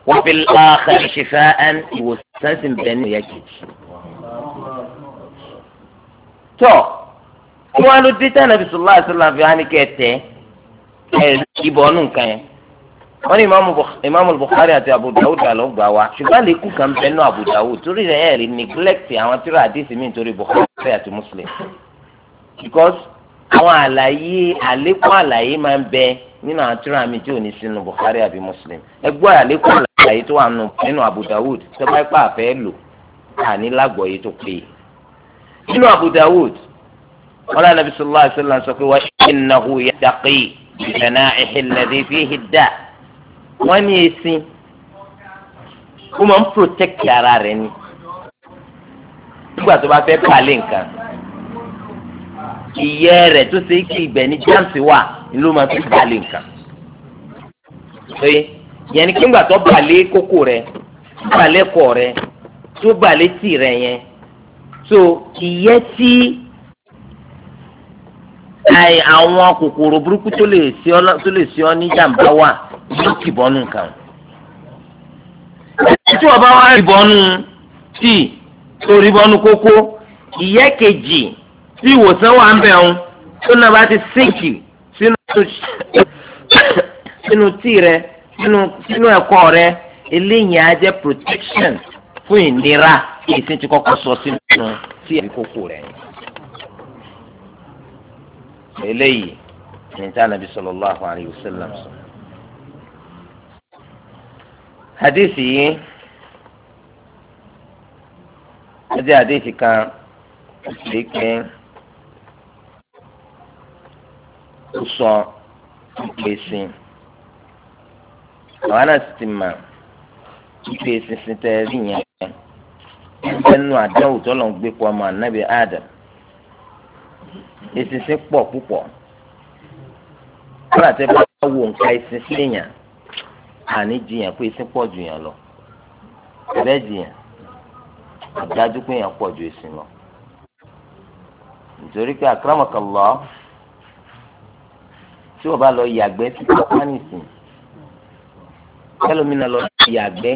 wọ́n fi láàkà ìṣẹ̀fẹ́ ẹn ìwòsàn sì ń bẹ nínú ìyẹ́ kejì. tọ́ kí wọn ló dé tí anabi sọlá àṣìlá fi hàn ní kẹtẹ ẹ ìbọn ọ̀nù nǹkan yẹn wọn ní imaamu bukhari àti abu dawud àlọ gbà wá ṣùgbọ́n àlékún kan bẹ́ẹ̀ náà abu dawud torí rẹ̀ ẹ̀ rí neglect àwọn tíra àdìsí mi nítorí bukhari àti muslim because àwọn àlàyé àlékún àlàyé máa ń bẹ nínú àwọn tíra mi tí ò ní sínú bukhari àbí muslim ẹgbọ́n àlékún àlàyé tó wà nínú abu dawud tó bá pàfẹ́ lò àní lágbọ̀ọ́yé tó péye nínú abu wọn lọ nàbí sọlá àṣẹlá sọ pé wọn ìnáwó yàtàkì ìṣẹ̀nà ìṣẹ̀lẹ̀dẹ̀ fi hìdá wọn ní èsì ó máa ń protect ara rẹ̀ ni nígbà tó bá fẹ́ pàlẹ́ nǹkan ìyẹ́ rẹ̀ tó ṣe kí ibẹ̀ ní jáǹsì wà ló máa fi pàlẹ́ nǹkan yẹn ni kígbà tó balẹ̀ kókó rẹ̀ balẹ̀ kọ̀ rẹ̀ tó balẹ̀ tì rẹ̀ yẹn so ìyẹ́ tí àì àwọn kòkòrò burúkú tó lè sí ọ ní jàǹbá wà yóò kìbọnú nǹkan. tí wọ́n bá wá ìbọnú tíì tó rí bọ́nú kókó ìyẹ́ kejì tí ìwòsàn wà ń bẹ̀ ń tó náà bá ti sínkì sínú tíì rẹ sínú ẹ̀kọ́ rẹ eléyìí á jẹ́ protection fún ìnira èyí tí ti kọ́kọ́ sọ sínú tíì àbí kókó rẹ̀ yìí eléyìí ní tí anabi sallallahu alayhi wa sallam sọ. hadisi yìí ó jẹ́ hadisi kan tí kì í sọ ìpèsè àwọn náà sì ti mọ̀ ìpèsè sí tẹ́ẹ̀rì yẹn ẹgbẹ́ nù àdáwò tó lọ́n gbé pọ̀ ọmọ anabi adam ìsinsin pọ̀ púpọ̀ kọ́lá tẹ́ bá wo nǹkan ìsinsin èèyàn àní jiyàn pé ìsin pọ̀ ju yàn lọ ẹ̀rẹ́ jiyàn àdájú pé yàn pọ̀ ju ìsìn lọ nítorí pé àkàràmọ̀kànlọ́ tí o bá lọ yàgbẹ́ sí kápánìsìn ẹlòmínà lọ yàgbẹ́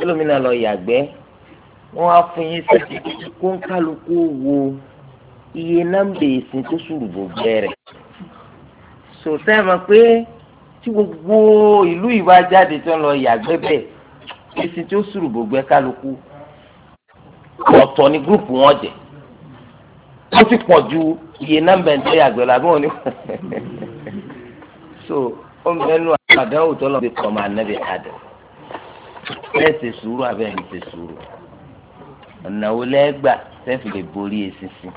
ẹlòmínà lọ yàgbẹ́ wọ́n á fún yín sí kóńkálukú wo iye nọ́mbà ìsìn tó sùrù bò bẹ̀rẹ̀ sòtẹ́ mọ̀ pé tí gbogbo ìlú ìwà jáde tó ń lọ yàgbẹ́ bẹ̀ èsì tó sùrù bò gbẹ kálukú ọ̀tọ̀ ni gúrùpù wọn jẹ ó ti pọ̀ ju iye nọ́mbà ń tẹ́ yàgbẹ́ làbẹ́ òní so ó ń bẹnu àdáwò tó lọ bí kọ́mọ anábì àdà ẹ ṣe sùúrù abẹ́ ẹ ṣe sùúrù ọ̀nà wo lẹ́gbà tẹ́fì lè borí eṣinṣin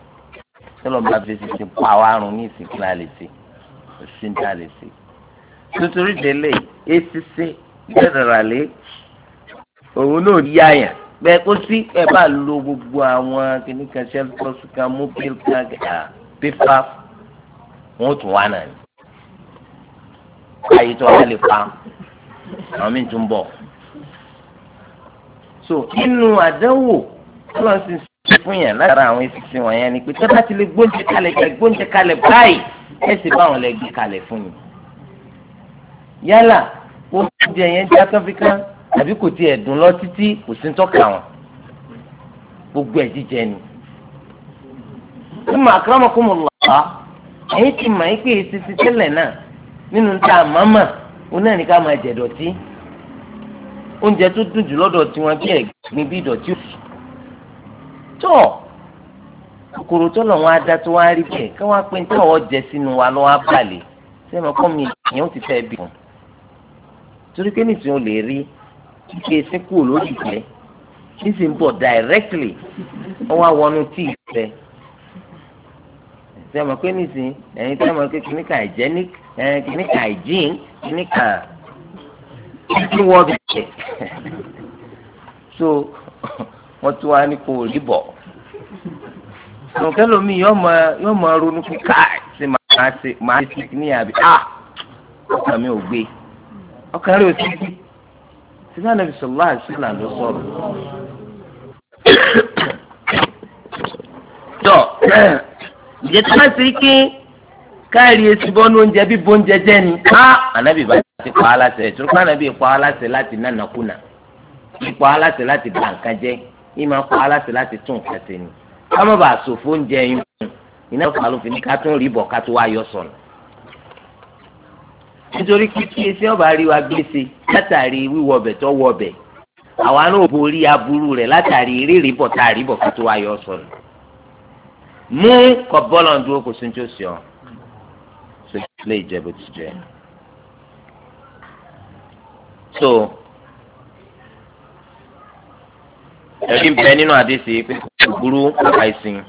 tọ́lọ̀ bá fi ṣiṣẹ́ pa àwọn àrùn ní ìsìnkú náà lè ṣe òṣìṣẹ́ náà lè ṣe. nítorí délé èsìsẹ́ jẹ́nẹ̀rálẹ̀ òun náà yá yàn bẹ́ẹ̀ kó sí ẹ bá lo gbogbo àwọn kìnnìkan ṣẹ́lítọ́sì kan mú pípa wọn ò tún wá náà ni. ayé tó wá lè pa àwọn míì tún bọ̀. so inú àdánwò ọlọ́run fún yàn lára àwọn efisi wọ̀nyẹn ni pé tẹ́tà ti lè gbóúnjẹ kalẹ̀ kẹ́ gbóúnjẹ kalẹ̀ báyìí ẹ̀sìn báwọn lè gbé kalẹ̀ fún yìí. yálà oúnjẹ yẹn jẹ́ akọ́fíkà àbí kò tiẹ̀ dùn lọ títí kò sí tọ́ka wọn gbogbo ẹ̀ jíjẹ ni. ìmọ̀ akramakumullah ẹ̀yìn ti mọ̀ pé ìsisi tẹ́lẹ̀ náà nínú tá a máa máa jẹ̀ dọ̀tí oúnjẹ tó dùn jù lọ́dọ̀ tiwọn bí ẹ̀gbìn bí ìdọ̀tí òfin tó kòkòrò tó lọ wọn adá tó wá rí bẹ́ẹ̀ kí wọn pe nítorí àwọn jẹ sínú wa lọ wá balẹ̀ sẹmọ kọ mi ìyẹn ó ti fẹ́ bí wọn torí pé nìsín o lè rí kíkẹ́ sínkù lórí ìfẹ́ nísìnyí bọ̀ directly wọ́n wá wọnú tí ìfẹ́ sẹmọ pé nìsín ẹ̀yin sẹmọ pé kìnnìkà hygienic ẹ̀yin kìnnìkà hygiene kìnnìkà kí wọ́n bẹ̀rẹ̀ so wọ́n tún wá ní kò rí bọ̀ nùkẹ́lómi yọ mọ ronú pé káì ṣe máa ṣe máa ṣe ní àbí a ah, ọkàn mi ò gbé ọkàn rẹ̀ ò sí gbé sísá nàbì sọlá àṣìlá ló sọ̀rọ̀ tọ ǹjẹ́ tí wọ́n ti rí kí káàrí esi bọ́nu oúnjẹ bí bóúnjẹ jẹ́ ni á ànábì bá ti pa á láṣẹ ìtúrúkọ ànábì pa á láṣẹ láti nánàkúnà pa á láṣẹ láti bà nǹkan jẹ́ yìí máa kọ́ aláṣẹ láti tún nǹkan ṣe ni ká má bàa sòfò oúnjẹ yín fún iná ìfà ló fi ní ká tún rí bọ̀ ká tó wá yọ sọ̀nù. nítorí kíkí ẹsẹ̀ ọba rí wa gbèsè látàrí wíwọ ọbẹ̀ tó wọ ọbẹ̀ àwa náà borí aburú rẹ̀ látàrí rírì bọ̀ tá a rí bọ̀ ká tó wá yọ sọ̀nù. mú kọ bọ́ọ̀lù dúró kò sún tó sí ọ so ẹbí ń bẹ nínú àdéhìí pé kò burú àìsìn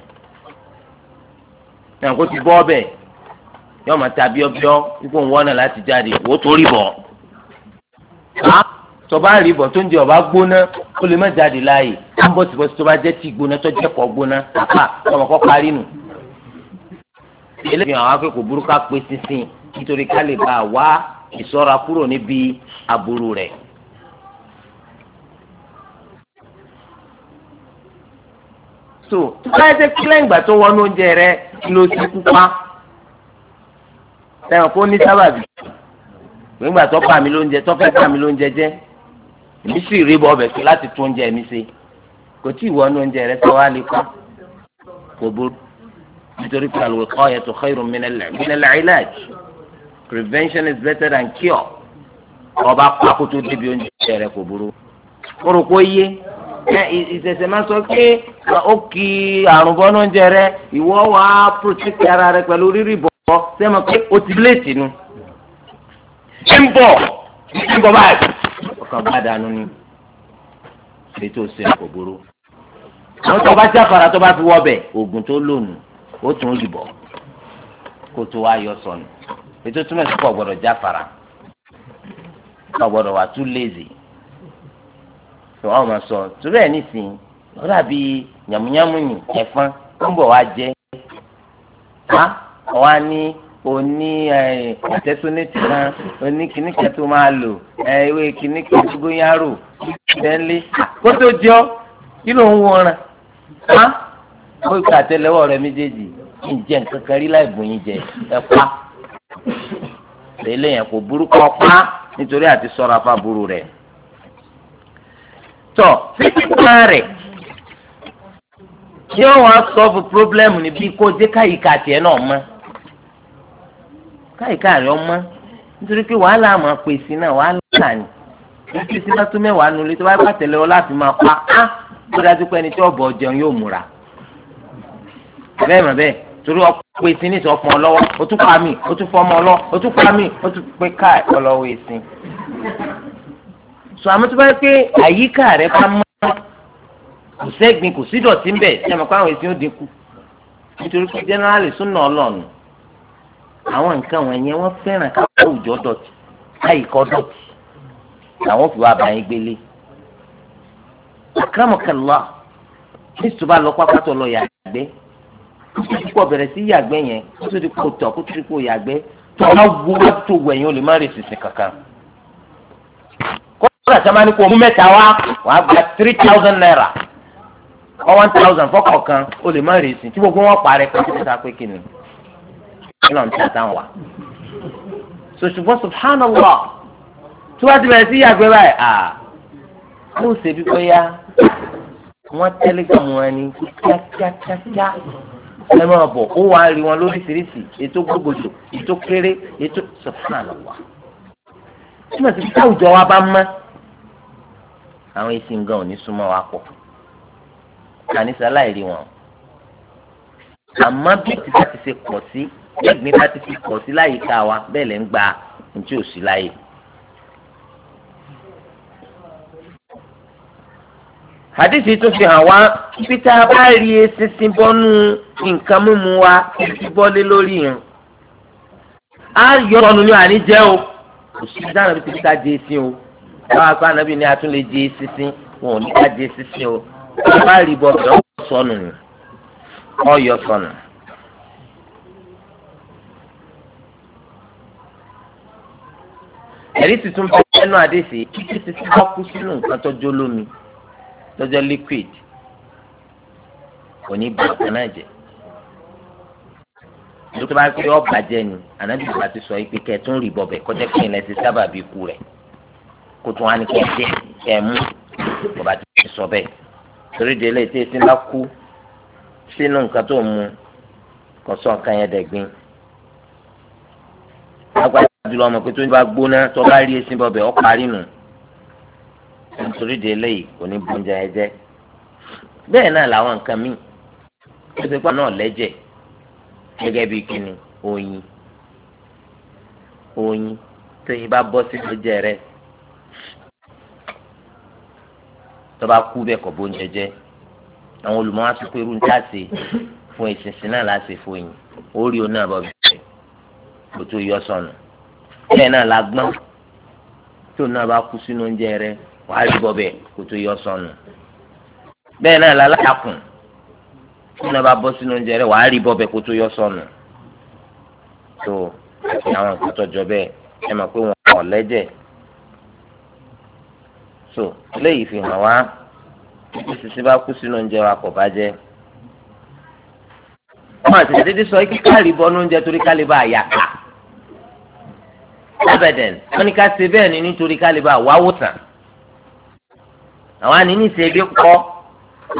náà kó ti bọ́ ọbẹ̀ yóò máa ta bíọ́bíọ́ ipò ń wọ́nà láti jáde wò ó tó rí bọ̀ tọba rìbọ tó ń jẹ ọba gbóná ó lè má jáde láàyè ó ń bọ tìbọ tí tọba jẹ tí gbóná tó jẹ kọ gbóná àpá ọmọ kọ parí nù. eléyìí àwọn akẹ́kọ̀ọ́ burúkú á pé sísìn nítorí ká lè bá a wá ìṣọ́ra kúrò níbi aburú rẹ̀. so tó bá yẹ kí lẹ́yìn ìgbà tó wọnú oúnjẹ rẹ ló ti kú pa sẹ́wọ̀n kó ní sábàbí nígbà tó pa mí lóúnjẹ tó fẹ́ pa mí lóúnjẹ jẹ́ èmi sì rí bọ́ ọbẹ̀ sí láti tún oúnjẹ mi ṣe kò tí ì wọnú oúnjẹ rẹ sọ wá lè pa kò burú nítorí pé al-wiqayatu khayrun min al-ilaj prevention is better than cure ọba pa kó tó débi oúnjẹ rẹ kò burú kó rò kó yé ìṣẹ̀ṣẹ̀ máa sọ pé ó kí àrùn bọ́nú oúnjẹ rẹ ìwọ wà á protect ara rẹ pẹ̀lú rírì bọ̀ sẹ́mọ̀ pé ó ti léètì nu. ṣé ń bọ̀ ṣé ń bọ̀ báyìí. ọkàn bá dànù ni ètò ìṣe kò burú. àwọn tó bá jáfara tó bá fi wọ́ bẹ̀ oògùn tó lónìí ó tún yìnbọn kó tó wá yọ sọnù ètò túmọ̀ sí gbọ́dọ̀ jáfara pọ̀ wà tún léèzì tó wọn máa sọ torí ẹ̀ nísìnyí ó dàbí yàmúyàmú ni ẹ̀fọn tó ń bọ̀ wá jẹ wá wá ní oní àtẹsónétì kan oní kìnnìkan tó máa lò ewé kìnnìkan tó gbóyàrò ìgbẹ́ńlé kó tó jọ kí ló ń wọ̀nràn wá ó kà àtẹ́lẹwọ́ rẹ̀ méjèèjì kí n jẹ nǹkan kan rí láì bùnyìn jẹ ẹ pa tẹ́lẹ̀ yẹn kò burúkọ pa nítorí àti sọ́ra fáburú rẹ̀. tọ̀ sísíkà rẹ̀ yóò wá sọ́ọ̀bù pírọ́blẹ́mù níbi kó dé káyìíká tiẹ̀ náà mọ́ káyìíká rẹ̀ ọmọ nítorí pé wàhálà àmọ́ pèsè náà wàhálà ni títí sí bá tún mẹ́wàá nulẹ̀ tó bá bá tẹ̀lé ọ láti máa pa á tó dájú pé ẹni tí jẹun yóò múra torí ọ ní ọ o tún pa mí o tún fọmọ ọlọ́ o tún pa mí o tún pé sọ àmọ́ tó bá yẹ pé àyíká rẹ bá mọ́ kò sẹ́gbin kò sí dọ̀tí ńbẹ̀ ṣe àmọ́ pé àwọn èsì ó dínkù nítorí pé jẹ́nẹ́rálì súnà ọlọ́run àwọn nǹkan wọ̀nyẹn wọ́n fẹ́ràn káwọn òòjọ́ dọ̀tí àyíkọ́ dọ̀tí làwọn fi wá báyìí gbélé àkàmọ̀kànlá kristu bá lọ pápá tó lọ yàgbẹ́ kó bẹ̀rẹ̀ sí yàgbẹ́ yẹn kó tó di kó kó tó di kó yàgbẹ́ tó kódà sábà ní kó mú mẹ́ta wá wàá gba three thousand naira or one thousand fọ́kọ̀ọ̀kan o lè má rí sí tí gbogbo wọn parẹ́ pé kí n ta pé kí ni ìlànà tí a tán wà. so ṣùgbọ́n subhanallah tí wọ́n ti bẹ̀rẹ̀ sí yàgbé báyìí à ló ṣe bí bóyá wọ́n telegram wọn ni kíákíákíá ẹ máa bọ̀ ó wàá rí wọn lóríṣiríṣi ètò gbogbogbò ètò kéré ètò subhanallah. tí wọ́n ti fi káwùjọ wa bá mọ́ àwọn èsì nǹkan ò ní súnmọ́ wa pọ̀ kàníṣà láìrí wọn àmọ́ bí ti bá ti ṣe pọ̀ sí ẹ̀gbin bá ti fi pọ̀ sí láyìíká wa bẹ́ẹ̀ lẹ́ ń gba ntí ò sí láyè. hadithi tún fi hàn wá ibi tá a bá rí eṣinṣin bọ́nú nǹkan mímu wa ti bọ́lé lórí yẹn a yọ ọ́nù ní àníjẹ́ o kò sí dáná bí ti fi ká o àwọn akọ anabi ni atún lè jẹ sísín wọn ò ní ká jẹ sísín o bá rí bọ bẹ ọ sọnù ni ọ yọ sọnù. ẹ̀rí tuntun bẹ́ẹ̀ nínú àdéhìí títí títí bá kú sínú nǹkan tọ́jọ́ lómi tọ́jọ́ liquid kò ní bá ọ̀kan náà jẹ́ tó pé ọ bàjẹ́ ni ànábìyí bá ti sọ pé kẹ́ẹ̀ tún rí bọ̀bẹ̀ kọjá kí n lẹ́sìn sábàbí ikú rẹ̀ kó tún wá ní kẹ́ẹ̀dé kẹ́ẹ̀mú kò bá ti sọ bẹ́ẹ̀ torí délé tí etí bá kú sínú nǹkan tó mu kò sọ nǹkan yẹn dẹ̀gbin agbára jùlọ ọmọ pé tó bá gbóná tó bá rí esin bọbẹ ọ parí nù nítorí délé yìí kò ní bóúnjẹ yẹn jẹ bẹ́ẹ̀ náà làwọn nǹkan míì ó pa náà lẹ́jẹ̀ gẹ́gẹ́ bí kíni oyin oyin tóyin bá bọ́ sí lójẹ rẹ̀ tó bá kú bẹ́ẹ̀ kọ́ bóúnjẹ jẹ́ àwọn olùmọ̀ wá sọ pé irú níta ṣe fún ìsinsin náà láṣẹ fún yín ó rí oní àbọ̀ bẹ́ẹ̀ kò tó yọ sọnù bẹ́ẹ̀ náà la gbọ́n tó náà bá kú sínú oúnjẹ rẹ wàá rí bọ́ bẹ́ẹ̀ tó yọ sọnù bẹ́ẹ̀ náà la láyàkùn tó náà bá bọ́ sínú oúnjẹ rẹ wàá rí bọ́ bẹ́ẹ̀ tó yọ sọnù tó àti àwọn nǹkan tó ẹ mọ̀ pé wọn ò lẹ́jẹ̀ẹ́ so eléyìí fi hàn wá títí sísí bá kú sínú oúnjẹ wa kò bá jẹ wọn àti títí sọ kí káàlì bọ́ oúnjẹ torí káàlì bá yà ká abẹ́dẹ̀n wọn ni ká ṣe bẹ́ẹ̀ ni nítorí káàlì bá wà wòtàn àwọn àníní ṣe ebi kọ́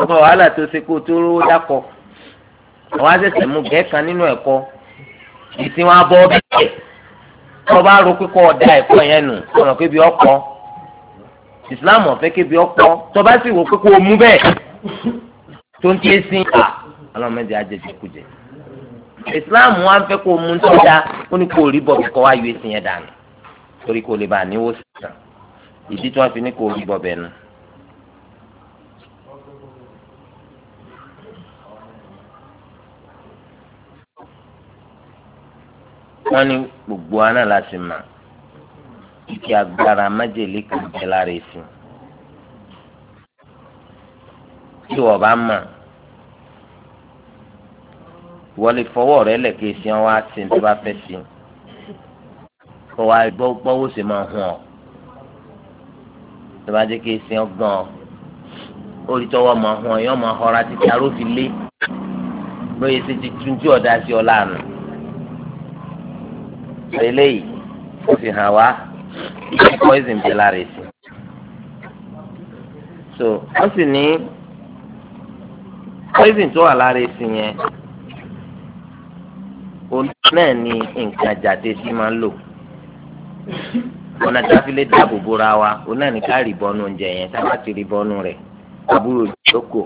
ọgbà wàhálà tó ṣe kó tó rówó dákọ̀ àwọn àṣẹṣẹ mú gẹ́ẹ́ kan nínú ẹ̀kọ́ ìsìn wọn abọ́ bẹ́ẹ̀ tó bá ro pé kọ́ ọ̀dà yẹn nù ọ̀nà pé bí islam ọ̀fẹ́ kébi ọ̀pọ̀ tọba sì wò kókó mú bẹ́ẹ̀ tó ń tiẹ́ sí à ọlọ́mọdé ajẹjẹ islam wa ń fẹ́ kó mú tó da ó ní kó rí bọ̀bẹ̀ kọ́ wá yọ èsì yẹn dànù torí kó lè bá a níwó sàn ìdí tí wọ́n fi ní kó rí bọ̀bẹ̀ nù. wọ́n ní gbogbo aná la sì máa ike agbára májèlé kan bẹ lára èsì tí wọ́n bá mọ̀ wọ́n lè fọwọ́ rẹ lẹ̀kẹ́ sí wọn wá sí tó bá fẹ́ sí kó wá gbọ́ gbọ́wọ́ sì máa hùn ọ́ tó bá jẹ́ kí èsì ọgbọ́n ọ́ orí tọwọ́ máa hùn ọ́ yọ́ máa họra títí aró lé lóye sí ti túnjú ọ̀dá sí ọ lánàá eléyìí ó fi hàn wá poison bẹ lára ètò so wọ́n sì ní poison tó wà lára ètò yẹn òun náà ni nǹkan jáde tí máa ń lò ọ̀nà táfílẹ̀ dáàbò bóra wa òun náà ní ká rí bọ́nú oúnjẹ yẹn tá a bá ti rí bọ́nú rẹ̀ àbúrò ìjókòó.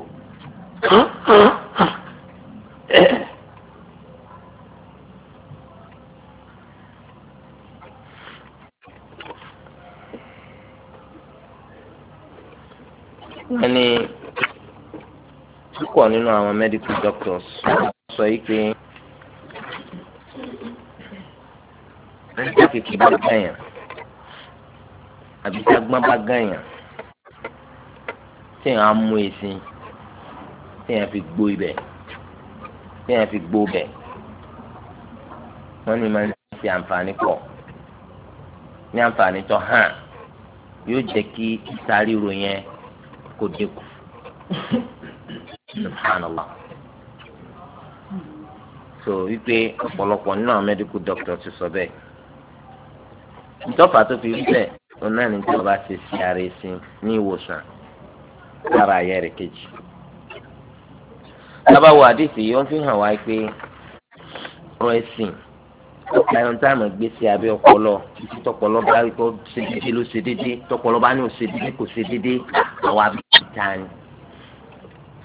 púpọ̀ nínú àwọn medical doctors sọ yìí pé nígbà bá gàyàn àbí tí bá gàyàn tí èèyàn á mú esin tí èèyàn fi gbó ibẹ̀ tí èèyàn fi gbó bẹ̀ wọ́n ní máa ń ṣe àǹfààní pọ̀ ní àǹfààní tó hàn yóò jẹ́ kí ìsaríro yẹn kò dínkù subhanallah so wípé ọ̀pọ̀lọpọ̀ nínú àwọn medical doctor ti sọ bẹ́ẹ̀ ìtọ́fà tó fi rí bẹ́ẹ̀ òun náà ní ìjọba ti ṣe ara ẹ̀sìn ní ìwòsàn lára ayé rẹ̀ kejì tábàwò àdìsí yìí wọ́n fi hàn wá pé ọ̀rọ̀ ẹ̀sìn láyọ̀n tá a mọ̀ gbé sí abẹ́ ọpọlọ títí tọpọlọ bá rí kó ṣe déédéé ló ṣe déédéé tọpọlọ bá ní ò ṣe déédéé kò ṣe déédéé àwọn abẹ́ ìta ni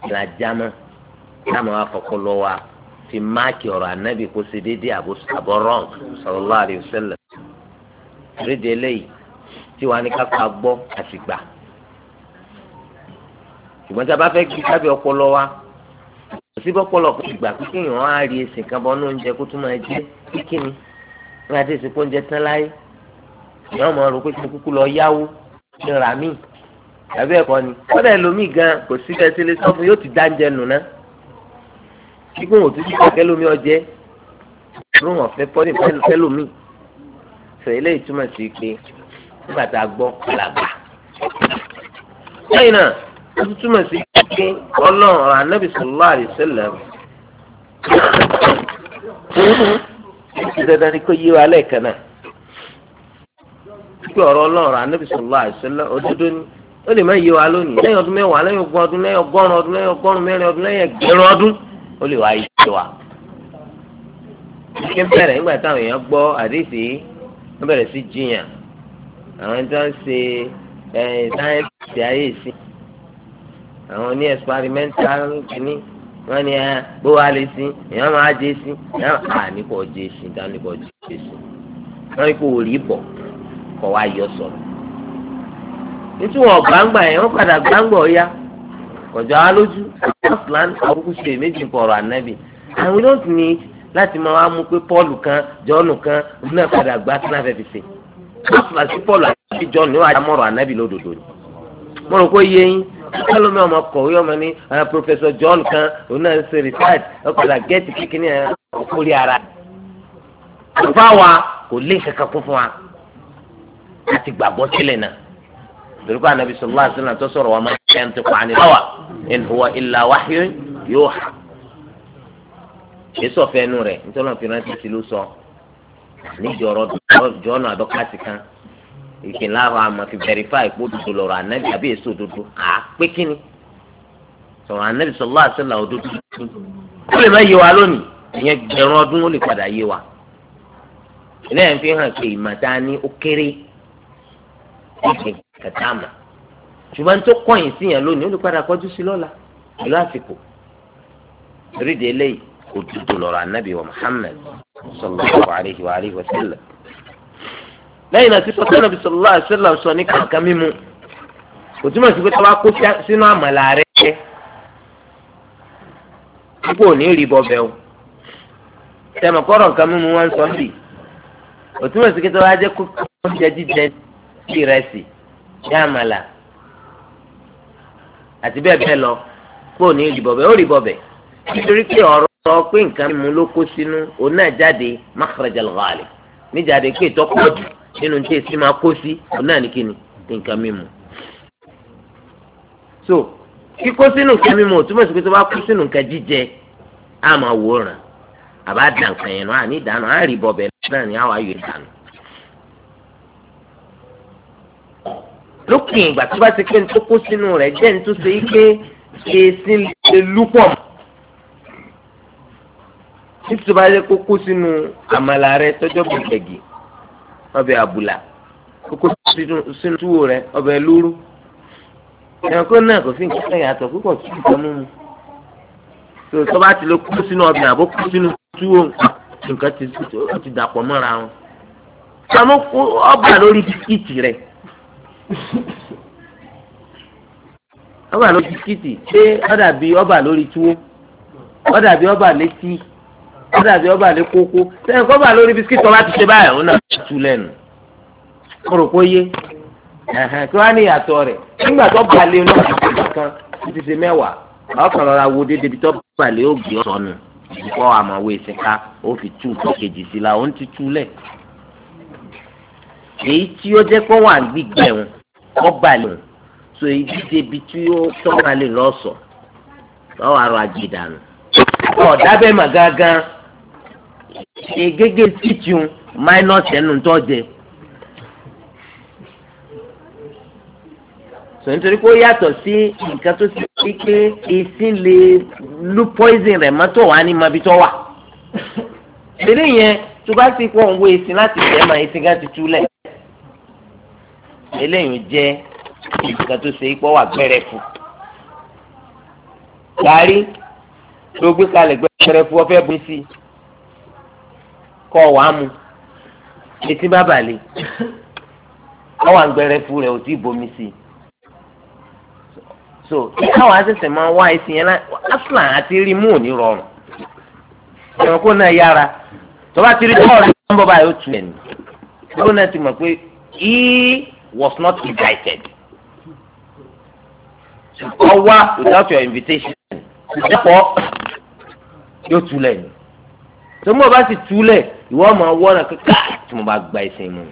la jámọ́ táwọn afọkọlọ wa fi máàkì ọ̀rọ̀ ànábì kó ṣe déédéé àbọ̀ rọ́ǹ sallallahu alaihi wasallam. rédíò eléyìí tí wàá ní kápá gbọ́ àtìgbà. ṣùgbọ́n tí a bá fẹ́ kí sábẹ́ ọpọlọ wa kò sí bọ́pọlọ kò ìgbà kíkìn yàn á rí èsì kan ní oúnjẹ kó tún máa jẹ́ kíkìnì ní adé ìsìnkú oúnjẹ tán láyé ìyá ọmọ rò pé kí kúkú lọ yáwó ní ràmíì àbí ẹ̀kọ́ ni kọ́dà ẹlòmíì gan kò sí bẹ́ẹ̀ sílé sọ́fún yóò ti dáńjẹ nù ná kíkún òtún ti kàkẹ́ lómi ọjẹ́ rún ọ̀fẹ́ pọ́nì fẹ́ lómi sọ eléyìí túmọ̀ sí pé nígbà tá a gbọ́ làgbà. lẹ́yìn náà ó tún túmọ̀ sí pé ọlọ́run ọ̀rọ̀ anábì sallallahu alaihi wasallam ti dandan ni kó yí wa lẹ́ẹ̀kan náà. pípẹ́ ọ̀rọ̀ ọlọ́run ọ̀rọ̀ anábì sallallahu alaihi òdodo ni ó lè má yé wa lónìí lẹ́yìn ọdún mẹ́wàá lẹ́yìn ogún ọdún lẹ́yìn ọgọ́rùn ọdún lẹ́yìn ọgọ́rùn mẹ́rin ọdún lẹ́yìn ẹgbẹ̀rún ọdún ó lè wá yé wa. ṣé bẹ̀rẹ̀ nígbà táwọn èèyàn gbọ́ àdéhìí wọ́n bẹ̀rẹ̀ sí jiyàn àwọn tó ń ṣe sáyẹ́ǹsì ayé ìsìn àwọn ní experimental kìíní wọ́n ní bó wa lè sin èèyàn máa jẹ́ sí èèyàn à nípa ọjẹ́ sí dánípa ọjẹ́ sí wọ́n ní kó wòlíì bọ̀ kọ́ wa yọ sọ̀rọ̀ nítorí wọn gbàngbà yẹn wọn padà gbàngbà ọya kọjọ alójú aslan àbúkú ṣe méjì fọrọ ànábì and we don't need láti máa wá mú pé Paul kan kan náà padà gbá tí náà fẹ́ fi sí àti John ànábì lódodo ni mo rò pé yé yín kálọ́mì ọmọ kọ̀wé ọmọ ah, kan náà ṣe ọkọ̀dà gẹ́ẹ̀tì torí pé anabi sọlá àṣìlá tó sọ̀rọ̀ wọn máa ń ṣe ń ti pàání lọ́wọ́ in huwa illa wahyu yuha èso fẹ́nu rẹ̀ nítorí fi rántí sí ló sọ níjọrọ jọ́nà àdọ́kàtì kan ìkìlá àwọn àmọ́ fi verify pé òdodo lọ́rọ̀ anabi àbí èso òdodo à pé kíni sọ̀rọ̀ anabi sọlá àṣìlá òdodo ó lè má yé wa lónìí ìyẹn gbẹ̀rún ọdún ó lè padà yé wa ilé fi hàn pé ìmọ̀ta ó kéré kẹtàmà ṣùgbọ́n tó kọ̀yìn sí yẹn lónìí ó lè padà kọjú sí lọ́la pẹ̀lú àsìkò torí de eléyìí òdodo lọ́rọ̀ anábì wa Muhammad sallallahu alayhi wa alihi wa sallam lẹ́yìn náà sísọ sọ́nà bíi sallallahu alayhi wa sallam sọ ní kankan mímu kò túmọ̀ sí pé tọ́wá kó sínú àmàlà rẹ̀ púpọ̀ ò ní rí bọ́bẹ̀ o tẹmọ kọrọ nǹkan mímu wọn sọ bì òtún mọ̀ sí pé tọ́wá jẹ́ kó oúnjẹ jíjẹ sí rẹ̀ sí ní àmàlà àti bẹ́ẹ̀ bẹ́ẹ̀ lọ kó o ní ìrìbọ̀bẹ̀ ó rìbọ̀bẹ̀ nítorí pé ọ̀rọ̀ sọ pé nǹkan mímu ló kó sínú òun náà jáde makhrajal ghalib níjáde pé ìtọ́pọ̀ jù nínú tí èsì máa kó sí òun náà ní kíni nǹkan mímu. so kíkó sínú nǹkan mímu ò túmọ̀ sí pé tó bá kó sínú nǹkan jíjẹ á máa wòran àbá dà nǹkan yẹn náà àní ìdáná á rìbọ̀bẹ̀ náà ni á wà yọ ìdáná. lókè ìgbà tó bá ti pé nítorí kó sínú rẹ̀ jẹ́ nítorí ṣe ike èsì lè lú pọ̀ nítorí bá yẹ kó kó sínú àmàlà rẹ̀ tọ́jọ́ gbẹ̀gì ọbẹ̀ àbùlà kó kó sínú túwò rẹ̀ ọbẹ̀ lúrú ẹ̀kọ́ náà kò sí nǹkan kan yàtọ̀ púpọ̀ sí nǹkan mú mu tó tó bá ti lè kó sínú ọbẹ̀ àbó kó sínú túwò nǹkan ti dàpọ̀ mọ́ra wọn àmọ́ ọba lórí bíkìtì rẹ̀ ọba lórí bisikíìtì ṣé ọ̀dà bí ọba lórí túwó ọ̀dà bí ọba létí ọ̀dà bí ọba lékókó sẹ́yìn kọ́ ọba lórí bisikíìtì ọba ti ṣe báyìí òun náà ti tú lẹ́nu kúrò kó yé kí wọ́n á ní ìyàtọ̀ rẹ̀ nígbà tó balẹ̀ lọ́wọ́ kan ti ṣe mẹ́wàá ọkàn rọra wo déédéé tó balẹ̀ ó gbé ọ̀sán nù ìdíkọ́ àmọ̀wé ìsìnká ó fi tú kejì sí la òun ti tú lẹ̀ èyí tí ó jẹ́ kó wà gbígbẹ̀ wọn ọba lè so ìdíje bi tí ó tọ́ka lè lọ́sọ̀ lọ́wọ́ àrò àjìdànù ọ̀dábẹ́ mà gángan egége títún máínọ́ọ̀sì ẹnu tó jẹ. sọ nítorí pé ó yàtọ̀ sí nǹkan tó ti di pé ìsín lè lu poison rẹ̀ mọ́tò wá ní mabi tó wà. ìdílé yẹn tó bá ti pọ̀ ń wo ìsín láti jẹ́ mà ìsín gá ti túlẹ̀ eléyìí jẹ́ nǹkan tó ṣe ipò wà gbẹrẹfu gàrí ló gbé kalẹ̀ gbẹrẹfu ọ̀fẹ́ bí sí kọ́ wàá mu etí bá bàlẹ̀ ọwọ́ àgbẹrẹfu rẹ̀ ò tí bomi sí i so káwọn asẹsẹ máa wá ẹsìn yẹn aslan àti rí mú òní rọrùn ẹ̀wọ̀n kó náà yára tó bá ti rí tọ́ọ̀rù ẹ̀ ń bọ́ báyìí ó tu ẹ̀ nù tó náà ti mọ̀ pé yìí was not invited. Ṣùgbọ́n without your invitation. Ṣùgbọ́n yóò túlẹ̀ ni. Tó mọ̀ bá sì túlẹ̀, ìwọ máa wọ́nà kíkà tí mo bá gba ìsìn mu.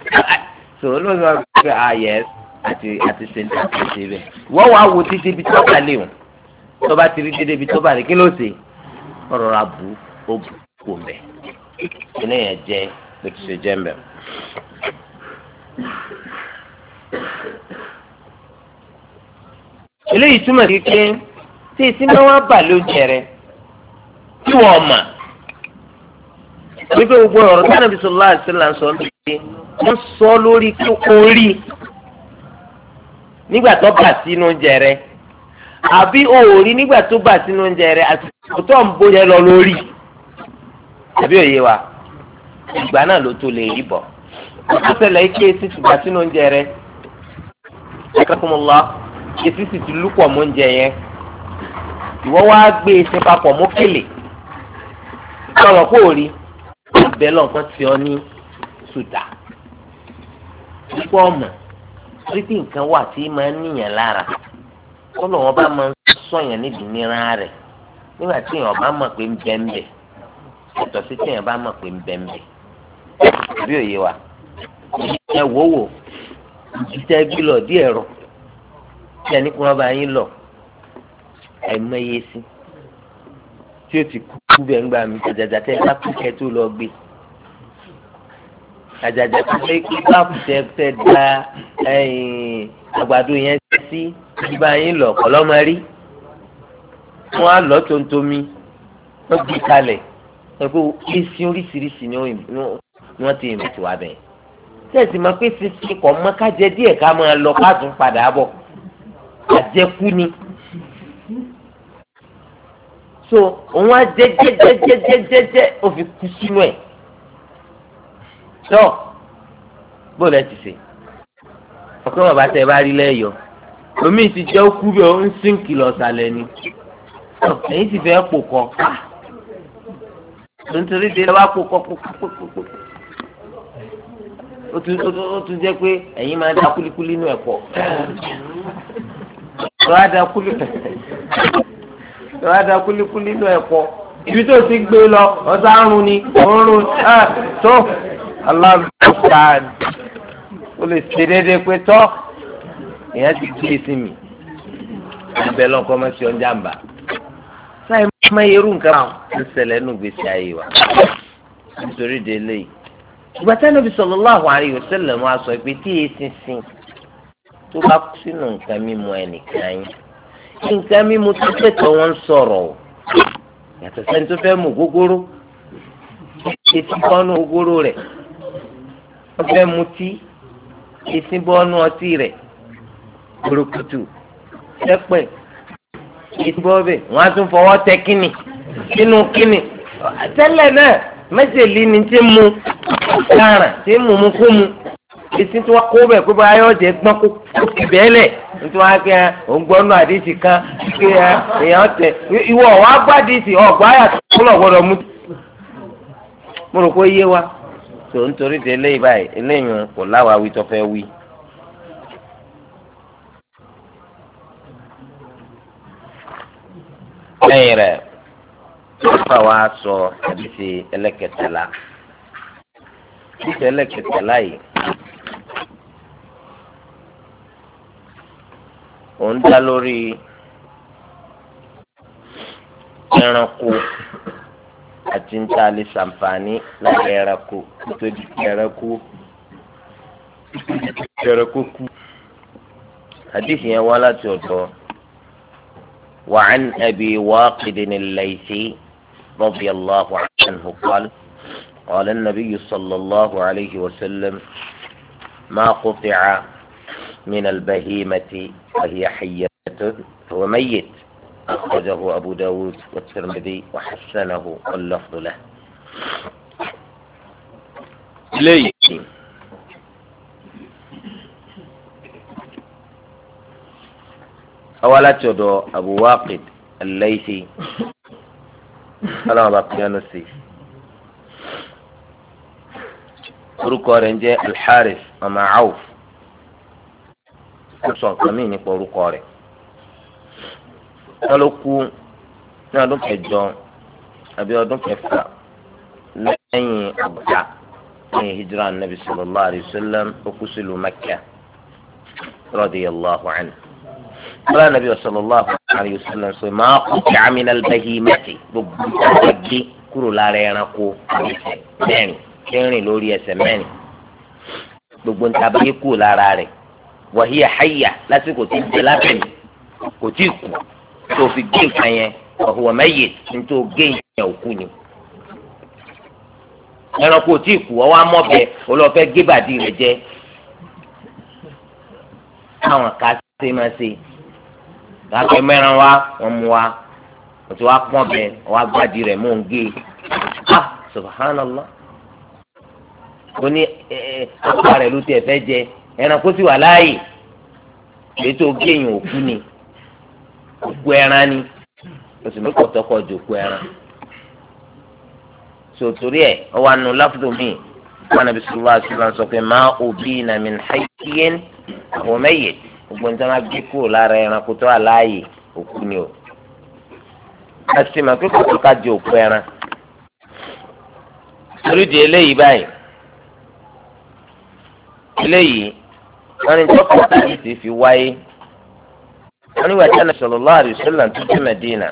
So olóòtú wa ah yes àti àti ṣèǹtì àti ṣèbẹ̀. Wọ́n wá wo títí ibi tó bá léwu. Tó bá ti rí dédé ibi tó bá rí kí ló ṣe? Ọ̀rọ̀ ra bu ó bu kò mẹ́. Kí ni yẹn jẹ́ bó ti ṣe jẹ́ mbẹ́? eléyìí túmọ̀ sí pé tí ìsinmi wọn bà ló jẹrẹ tí wọn mà wípé gbogbo ọ̀rọ̀ tí Ànábì sallallahu alaihi wasallam sọ lórí wọ́n sọ lórí kí orí nígbà tó bà sínú jẹrẹ àbí òòrí nígbà tó bà sínú jẹrẹ àti òtọ́ ń bóyá lọ lórí àbí òye wa ìgbà náà ló tó lè rí bọ̀ ike títùgbà sínú akẹ́kọ̀ọ́mọlá etí sì ti lúpọ̀ mọ́ oúnjẹ yẹn ìwọ́ wá gbé ẹsẹ̀ e papọ̀ mọ́ kèlè sọ̀rọ̀ kó o rí bẹ́ẹ̀ lọ́nkàn tí ọ ní sùdà púpọ̀ ọ̀mọ̀ títí nǹkan wà tí máa ń níyàn lára kọ́lọ̀ wọn bá máa ń sọ̀yàn níbi níra rẹ̀ nígbà tí èèyàn bá mọ̀ pé ń bẹ́ ń bẹ̀ yàtọ̀ sí tí èèyàn bá mọ̀ pé ń bẹ́ ń bẹ̀ bí òye wa ẹ wò wò ìjísẹ́ gbé lọ díẹ̀ rọ tí ẹni kúrọ́ bá yín lọ àìmọye sí tí ó ti kú bẹ́ẹ̀ ń gbà mí àjàjà tẹ́ bá kú kẹ́ tó lọ gbé àjàjà tó fẹ́ kí báàpù tẹ́ fẹ́ da àgbàdo yẹn sí bá yín lọ kọ́lọ́mọ rí wọ́n á lọ tontomi wọ́n gbé kalẹ̀ ẹgbẹ́ oríṣiríṣi ni wọ́n ti ìmọ̀ tó wà bẹ́ẹ̀ sẹ́ẹ̀sì máa pé sísè kọ̀ mọ́ ká jẹ díẹ̀ ká máa lọ ká tún padà bọ̀ àjẹkú ni. so òun á jẹ jẹ jẹ jẹ jẹ jẹ jẹ ó fi kú sínú ẹ̀ tọ́ bóòlù ẹ ti sè ọ̀pẹ́ bàbá tẹ bá rí lẹ́yọ̀ omi ti jẹ́ kú bí ó ń sínkì lọ́sàlẹ̀ ni ẹ̀yìn sì fẹ́ pò kọ́ nítorí tí ẹ bá pò kọ́ pò kọ́ pò kọ́ pò kọ́ ó tún jẹ́ pé ẹ̀yin máa da kulikuli inú ẹ̀ pọ̀ lọ́wọ́ da kulikuli lọ́wọ́ da kulikuli inú ẹ̀ pọ̀ ibi tó ti gbé lọ ọ̀sán àrùn ni òórùn ẹ̀ tó aláàbùkà ó lè ṣe déédéé pé tọ́ èèyàn ti kí èsì mi abẹ́ lọ́kọ́ máa ṣe ọjà ń bà sáyẹn máa yẹrù nǹkan máa ń ṣẹlẹ̀ nù gbèsè ayé wa nítorí délé yìí ìgbà tí Ànábì sallallahu alaihi wasallam máa sọ pé tí eṣinṣin tó bá kú sínú nǹkan mímu ẹnìkan yín nǹkan mímu tó tẹ̀tọ̀ wọn sọ̀rọ̀ o yàtọ̀ sẹ́ni tó fẹ́ mu gógóró etí bọ́nú gógóró rẹ̀ wọ́n fẹ́ mu tí etí bọ́nú ọtí rẹ̀ burúkutu sẹ́pẹ̀ etí bọ́ bẹ̀ wọ́n á tún fọwọ́ tẹ kínì nínú kínì tẹ́lẹ̀ náà. mẹ́sẹ̀lì ni tí mu dáràn tí mu mu kú mu èsì tí wọ́n kó bẹ̀ pé báyọ̀ ọ̀jẹ̀ gbọ́n kó kí bẹ́ẹ̀lẹ̀ nítorí wọn kẹ́ ògbọ́nú àdìsí kan kí èèyàn tẹ̀ ìwọ wàá gbá àdìsí ọ̀gbá àyàtọ̀ kúlọ̀ gbọ́dọ̀ mú. nípa wa sọ àdìsí ẹlẹ́kẹtẹ̀lá àdìsí ẹlẹ́kẹtẹ̀lá yìí òun dá lórí ẹranko àti níta lè ṣàǹfààní láti ẹranko nítorí ẹranko ẹranko kú àdìsí yẹn wá láti ọ̀dọ̀ وعن أبي واقد الليثي رضي الله عنه قال قال النبي صلى الله عليه وسلم ما قطع من البهيمة وهي حية هو ميت أخرجه أبو داود والترمذي وحسنه واللفظ له لي أولا تدو أبو واقد الليثي ọlọ́run bá pín ọ́nù sí i. orúkọ rẹ̀ ń jẹ́ alḥaris ọmọ Auf ó sọ nǹkan míì nípa orúkọ rẹ̀ wọ́n ló kú ní ọdún kẹjọ àbí ọdún kẹfà lẹ́yìn ọgbà ní hijra nabi sallallahu alayhi wa sallam ó kú sílùú Mẹ́kà radiyallahu anhu ọlọ́run anabi sallallahu alaihi wasallam sọ máa kú kí amina bahimati gbogbo ìtàgbà gé kúrò lára ẹranko mẹ́rin kẹrin lórí ẹsẹ̀ mẹ́rin gbogbo ìtàgbà gé kúrò lára rẹ̀ wàhíyà háyà lásìkò tí ń jẹ lábẹ́ni kò tí ì kú tó fi gé nǹkan yẹn ọ̀hùwà mẹ́yẹ ní tó gé yẹn òkú ni ẹranko tí ì kú ọwọ́ amọ́bẹ olọ́fẹ́ gébàdì rẹ̀ jẹ́ káwọn ká ṣe máa ṣe gàkẹ́ mẹ́ran wa wọ́n mú wa wọ́n ti wá pọ́n bẹ́ẹ̀ wọ́n á gbádìí rẹ̀ mò ń gé e ah subhanallah ó ní ọkọ rẹ̀ ló tiẹ̀ fẹ́ jẹ ẹran kó sì wà láàyè ètò géèyàn òkú ni òkú ẹran ni oṣù mẹ́kọ̀ tọkọ ju òkú ẹran sotori ẹ ọwọ anu lafudu mi wọn nabi sallallahu alaihi wasallam sọ pé ma ubina min hayyin wa mayyit gbogbo nǹkan máa gbé kúrò lára ẹranko tó wà láàyè òkú ni o a sì mọ̀ pé kòtò ká di òkú ẹran torí di eléyìí báyìí eléyìí wọn ni tọ́pọ̀ tàbí ti fi wáyé wọn nígbà tí Ànábì sallallahu alaihi wasallam tó dé Mẹdínà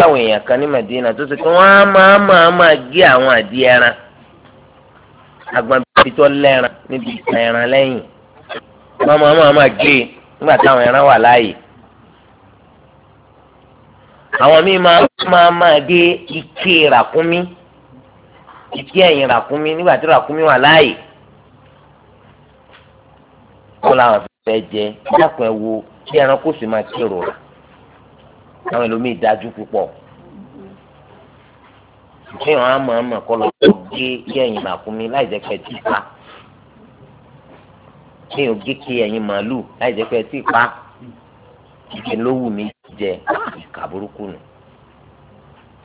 láwọn èèyàn kan ní Mẹdínà tó ti pé wọn á máa máa gé àwọn àdí ẹran agbọ̀n bíi tó lẹ́ran níbi ìtàn ẹran lẹ́yìn wọ́n máa máa máa gé e nígbà táwọn ẹran wà láàyè. àwọn míì máa máa máa gé ike ràkúnmí ike ẹ̀yìn ràkúnmí nígbà tí ràkúnmí wà láàyè. wọ́n làwọn fẹ́ jẹ dákun ẹ̀ wo kí ẹranko sì máa kérò rà àwọn ẹlòmíì dájú púpọ̀ ìfihàn àmọ́ àmọ́ kọ́ lọ́ọ́ gé ike ẹ̀yìn ràkúnmí láì jẹ́ pẹ́ tí ká ní ògì kí ẹ̀yin màálùú láì jẹ́ pé ẹ ti pa ìpín ló wù mí jẹ ìka burúkú nù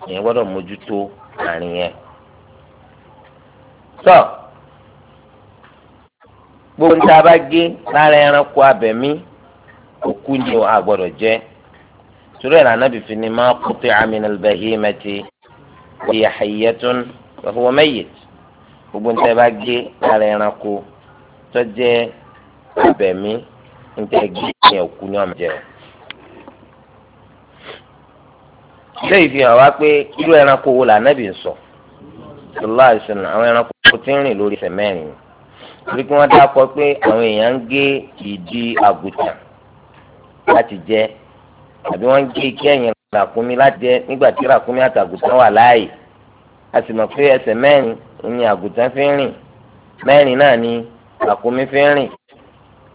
ìyẹn gbọ́dọ̀ mójútó àárín yẹn. tọ́ gbogbo ní ta bá gé lára ẹranko abẹ̀mí òkú ni a gbọ́dọ̀ jẹ torí ẹ̀rọ anábì fi ni máa kótó àmìnà bẹ̀hímẹ́tì wọ́n yẹ hayyatun wa huwa mayyit gbogbo ní ta bá gé lára ẹranko tó jẹ́ abẹ̀mí níta ẹgbẹ́ yẹn òkú ní ọmọ jẹ. ilé ìfihàn wa pé irú ẹranko wo lànàbì ń sọ sọlá ìsìn àwọn ẹranko tí ń rìn lórí ẹsẹ̀ mẹ́rin torí pé wọ́n dákọ pé àwọn èèyàn ń gé ìdí àgùntàn láti jẹ àbí wọ́n ń gé ike ẹ̀yìn ràkúnmí láti jẹ nígbà tí ràkúnmí àtàgùntàn wà láàyè a sì mọ̀ pé ẹsẹ̀ mẹ́rin ni àgùntàn fi ń rìn mẹ́rin náà ni ràkúnmí fi ń rìn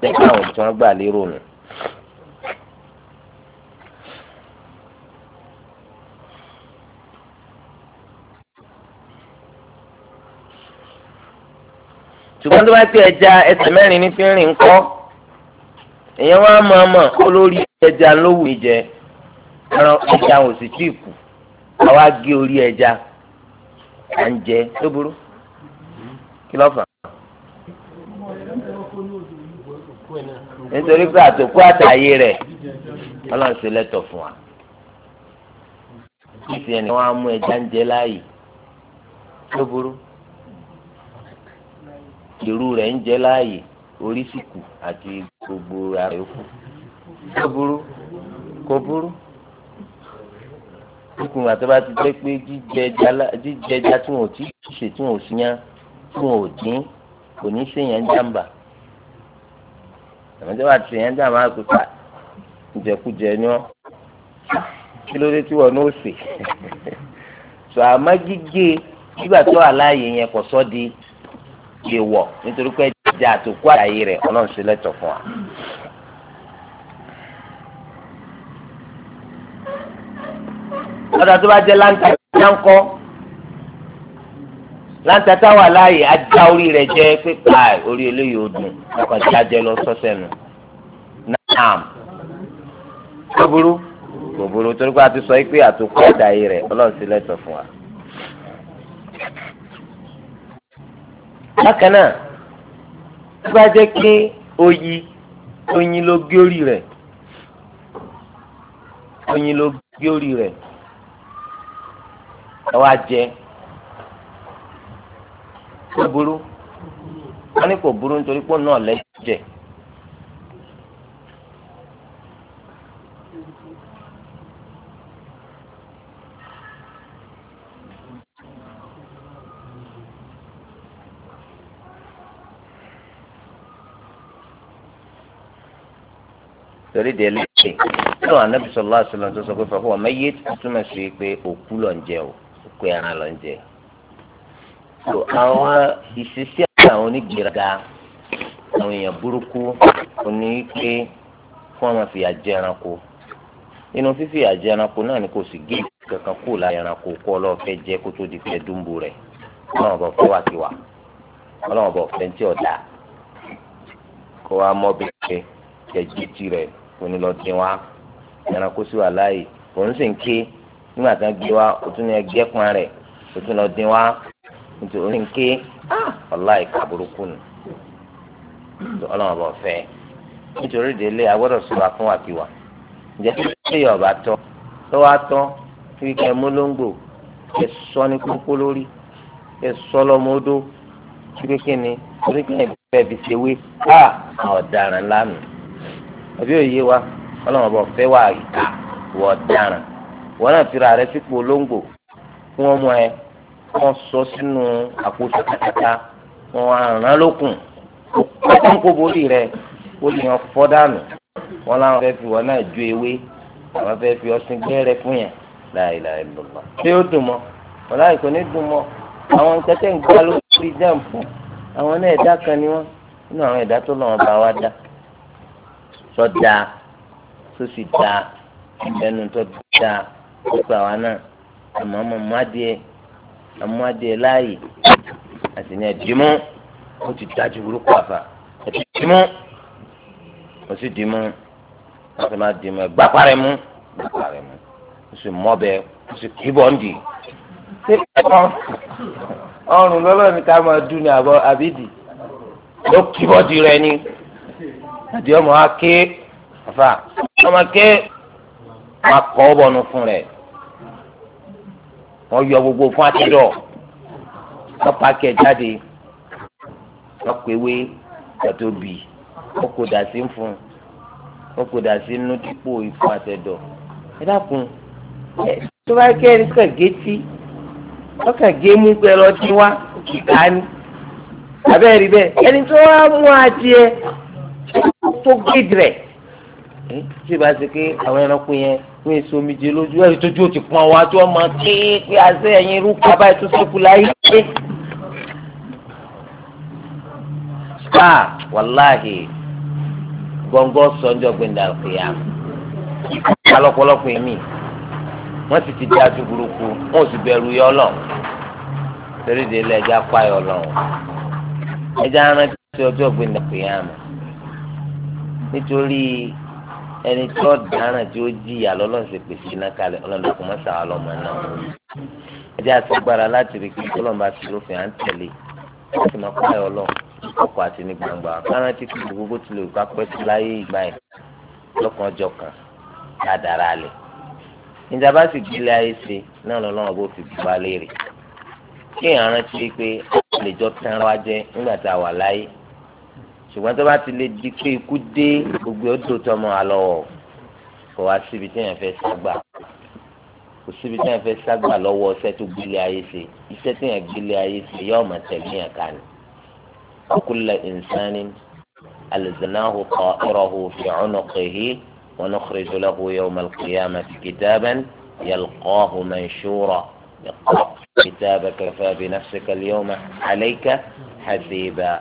lẹ́yìn àwọn tí wọ́n gbà lérò nù. ṣùgbọ́n tó bá ti ẹja ẹsẹ̀ mẹ́rin ní fi rìn kọ́ èèyàn wá mọ̀ ọmọ olórí ẹja lówù ìjẹ ẹran ẹja ò sì tí ì kù àwa gé orí ẹja à ń jẹ tó burú kí ló fà á nítorí pé àtòkú àtàyè rẹ̀ ọlọ́run ṣe lẹ́tọ̀ fún wa títí ẹni wọn á mú ẹja ń jẹ láàyè tó burú ìrú rẹ̀ ń jẹ láàyè orí sì kù àti gbogbo ara yòókù tó burú kò burú ikùn àti bá ti jẹ́ pé jíjẹ ẹja tí wọn ò tí ì ṣe tí wọn ò sí yán tí wọn ò dín kò ní í ṣèyàn jàǹbá tẹ̀mẹ́tẹ́ bá ti yẹn dàmú àkùkà ìjẹkújẹ ni ọ́ kí ló dé tí wọn ò sè sọ àmọ́ gígé nígbà tó àlàyé yẹn kò sọ́ di èèwọ̀ nítorí pé ẹja àtòkú àlàyé rẹ̀ ọlọ́run ṣe lẹ́tọ̀ fún wa. ọ̀dà tó bá jẹ́ láǹkà yánkọ́ láǹtàtà wà láàyè ajá orí rẹ̀ jẹ́ pé káì orí eléyìí ò dùn lọ́kàn tí a jẹ lọ sọ́sẹ̀ nù. naam kò burú kò burú torí pé a ti sọ pé àtòkọ́ ọ̀dà yìí rẹ̀ ọlọ́run sì lẹ́tọ̀ fún wa. bákan náà tó bá jẹ́ pé oyin oyin ló gé orí rẹ̀ oyin ló gé orí rẹ̀ ẹ wá kò burú wọn ní kò burú nítorí pé náà lẹ́jẹ̀. torí de lẹ́yìn nínú anabi sallallahu alaihi wasallam tó sọ pé fàkó ọmọ yéé túmọ̀ sí pé òkú so àwọn ìṣesí àwọn onígbèraga àwọn èèyàn burúkú oní pé fún àwọn fìyà jẹ ẹranko nínú fífi àjẹ ẹranko náà ni kò sì gé kankan kó la ẹranko kó ọlọ́ọ̀fẹ́ jẹ kó tó di fẹ́ dúnbò rẹ̀ ọlọ́run bọ̀ fẹ́ wà sí wa ọlọ́run bọ̀ fẹ́ tí ọ̀dà kó wa mọ́ bẹ́ẹ̀ jẹ́jí tirẹ̀ òní lọ dín wa ẹranko sí wa láàyè òun sì ń ké nígbà tí gbé wa òtún ní ẹgbẹ́ pọn rẹ̀ òtún lọ dín wa nítorí nké ọ̀la ìka burúkú nù ọlọ́run ọba ọ̀fẹ́ nítorí délé agbọ́dọ̀ sọ̀rọ̀ fún wàkiwà ǹjẹ́ tí ìyá ọba tọ́ tó wá tọ́ kí kẹ́ mólóńgbò kẹ́ sọ ní kókó lórí kẹ́ sọ lọ́mọ odó kí kékeré ni torí kẹ́ bẹ́ẹ̀ fi ṣe wé ká ah, àwọn ọ̀daràn lánàá àbí òye wa ọlọ́run ọba ọ̀fẹ́ wà ìka wọ̀ ọ̀daràn wọ́n náà fira rẹ sípò olóńgbò fún ọmọ ẹ wọ́n sọ sínú àpò sàkàtà wọ́n àrán lókun wọ́n kó borí rẹ̀ ó lè yàn fọ́ dànù wọ́n láwọn fẹ́ fi wọn náà ju ewé àwọn fẹ́ fi ọsìn gbẹ́rẹ́ fún yẹn láìláì lọ́la. ṣé ó dùn mọ́ wọn láì kò ní dùn mọ́ àwọn kẹtẹ́ ń gbá lórí dẹ́m àwọn náà ẹ̀dá kan ni wọ́n nínú àwọn ẹ̀dá tó lọ́wọ́ bá wa dá sọ dáa tó sì dáa ẹnu tó dáa ó pa àwa náà àmọ́ ọmọ mọ́ adìẹ àmọ́ adìẹ láàyè àti ní ẹ̀dìmú ó ti dájú burúkú àfà ẹ̀dìmú ó sì dìmú wọ́n sì máa dìmú ẹ̀gbá parẹ́ mú ẹ̀gbá rẹ̀ mú ó sì mọ́ bẹ́ẹ̀ ó sì kíbọ̀ ń dì í. ọrùn lọ́lọ́ ni ká máa dún ní àbọ̀ àbídì ló kíbọ̀ di rẹ ni àdìọ́ mọ́ á ké àfà ọmọ ké máa kọ́ ọ́ bọ̀nu fún rẹ̀ wọ́n yọ gbogbo fún atẹ́dọ̀ wọ́n pàkì ẹ̀ jáde wọ́n pe ewé ọ̀tọ̀ bì wọ́n kò dà sí fún wọ́n kò dà sí inú dípò ìfún atẹ́dọ̀ ẹ dákun ẹ tó bá kẹ́ ẹni kàn gé tí wọ́n kàn gé mú pé ẹlọ́ tí wá kíkà ni àbẹ́rẹ́ bẹ́ẹ̀ ẹni tó wá mú adìẹ tó gé rẹ̀. Hmm? tí ìbá ṣe pé àwọn ẹranko yẹn wọ́n èso omijé lójú ẹ̀rí tójú ó ti pọ́n wá tí wọ́n máa ké pé àṣẹ ẹ̀yin irú kọ́ abáyé tó ṣẹ́kù láyé pé. Ah, sáà wàláhì gbọ̀ngàn sọ́njọ́ gbẹ̀ndà kìyà alọ́pọ̀lọpọ̀ èmi wọ́n sì ti dá ju burúkú wọ́n sì bẹ̀rù yọ lọ torí de ilé ẹja pa yọ lọ ẹja rántí ọjọ́ gbẹ̀ndà kìyà nítorí ẹni tí ó dáràn tí ó jìyà lọ́lọ́run ṣe pèsè iná kalẹ̀ ọlọ́run kò mọ́ sàwọn ọlọ́mọ náà ẹjẹ́ àtọ́gbára láti rí kí ọlọ́run bá ti lófin à ń tẹ̀lé láti máa kọ́ ayọ̀ lọ ọkọ̀ àti ní gbangba kárán tí kìlú gbogbo ti lè ká pẹ́ sí láyé ìgbà yẹn lọ́kàn ọjọ́ kan dáadára alẹ̀ níta bá sì gbé ayé ṣe náà lọ́lọ́run bó fi gbà léèrè kí èèyàn rántí pé àlejò tẹ́ran wá jẹ́ nígbà tá a wà láyé ṣùgbọ́n tó bá ti lè di pé ikú dé gbogbo ọdún tọmọ àlọ́wọ́ kò wá síbi tí èèyàn fẹ́ ságbà kò síbi tí èèyàn fẹ́ ságbà lọ́wọ́ iṣẹ́ tó gbélé ayé ṣe iṣẹ́ tí èèyàn gbélé ayé ṣe yóò máa tẹ̀lé yàn ká ni. kulla insanin alzanahu ta'irahu fi 'unuqihi wa nukhriju lahu yawma al-qiyamati kitaban yalqahu manshura iqra' kitabaka kafa bi nafsika al-yawma 'alayka hasiba.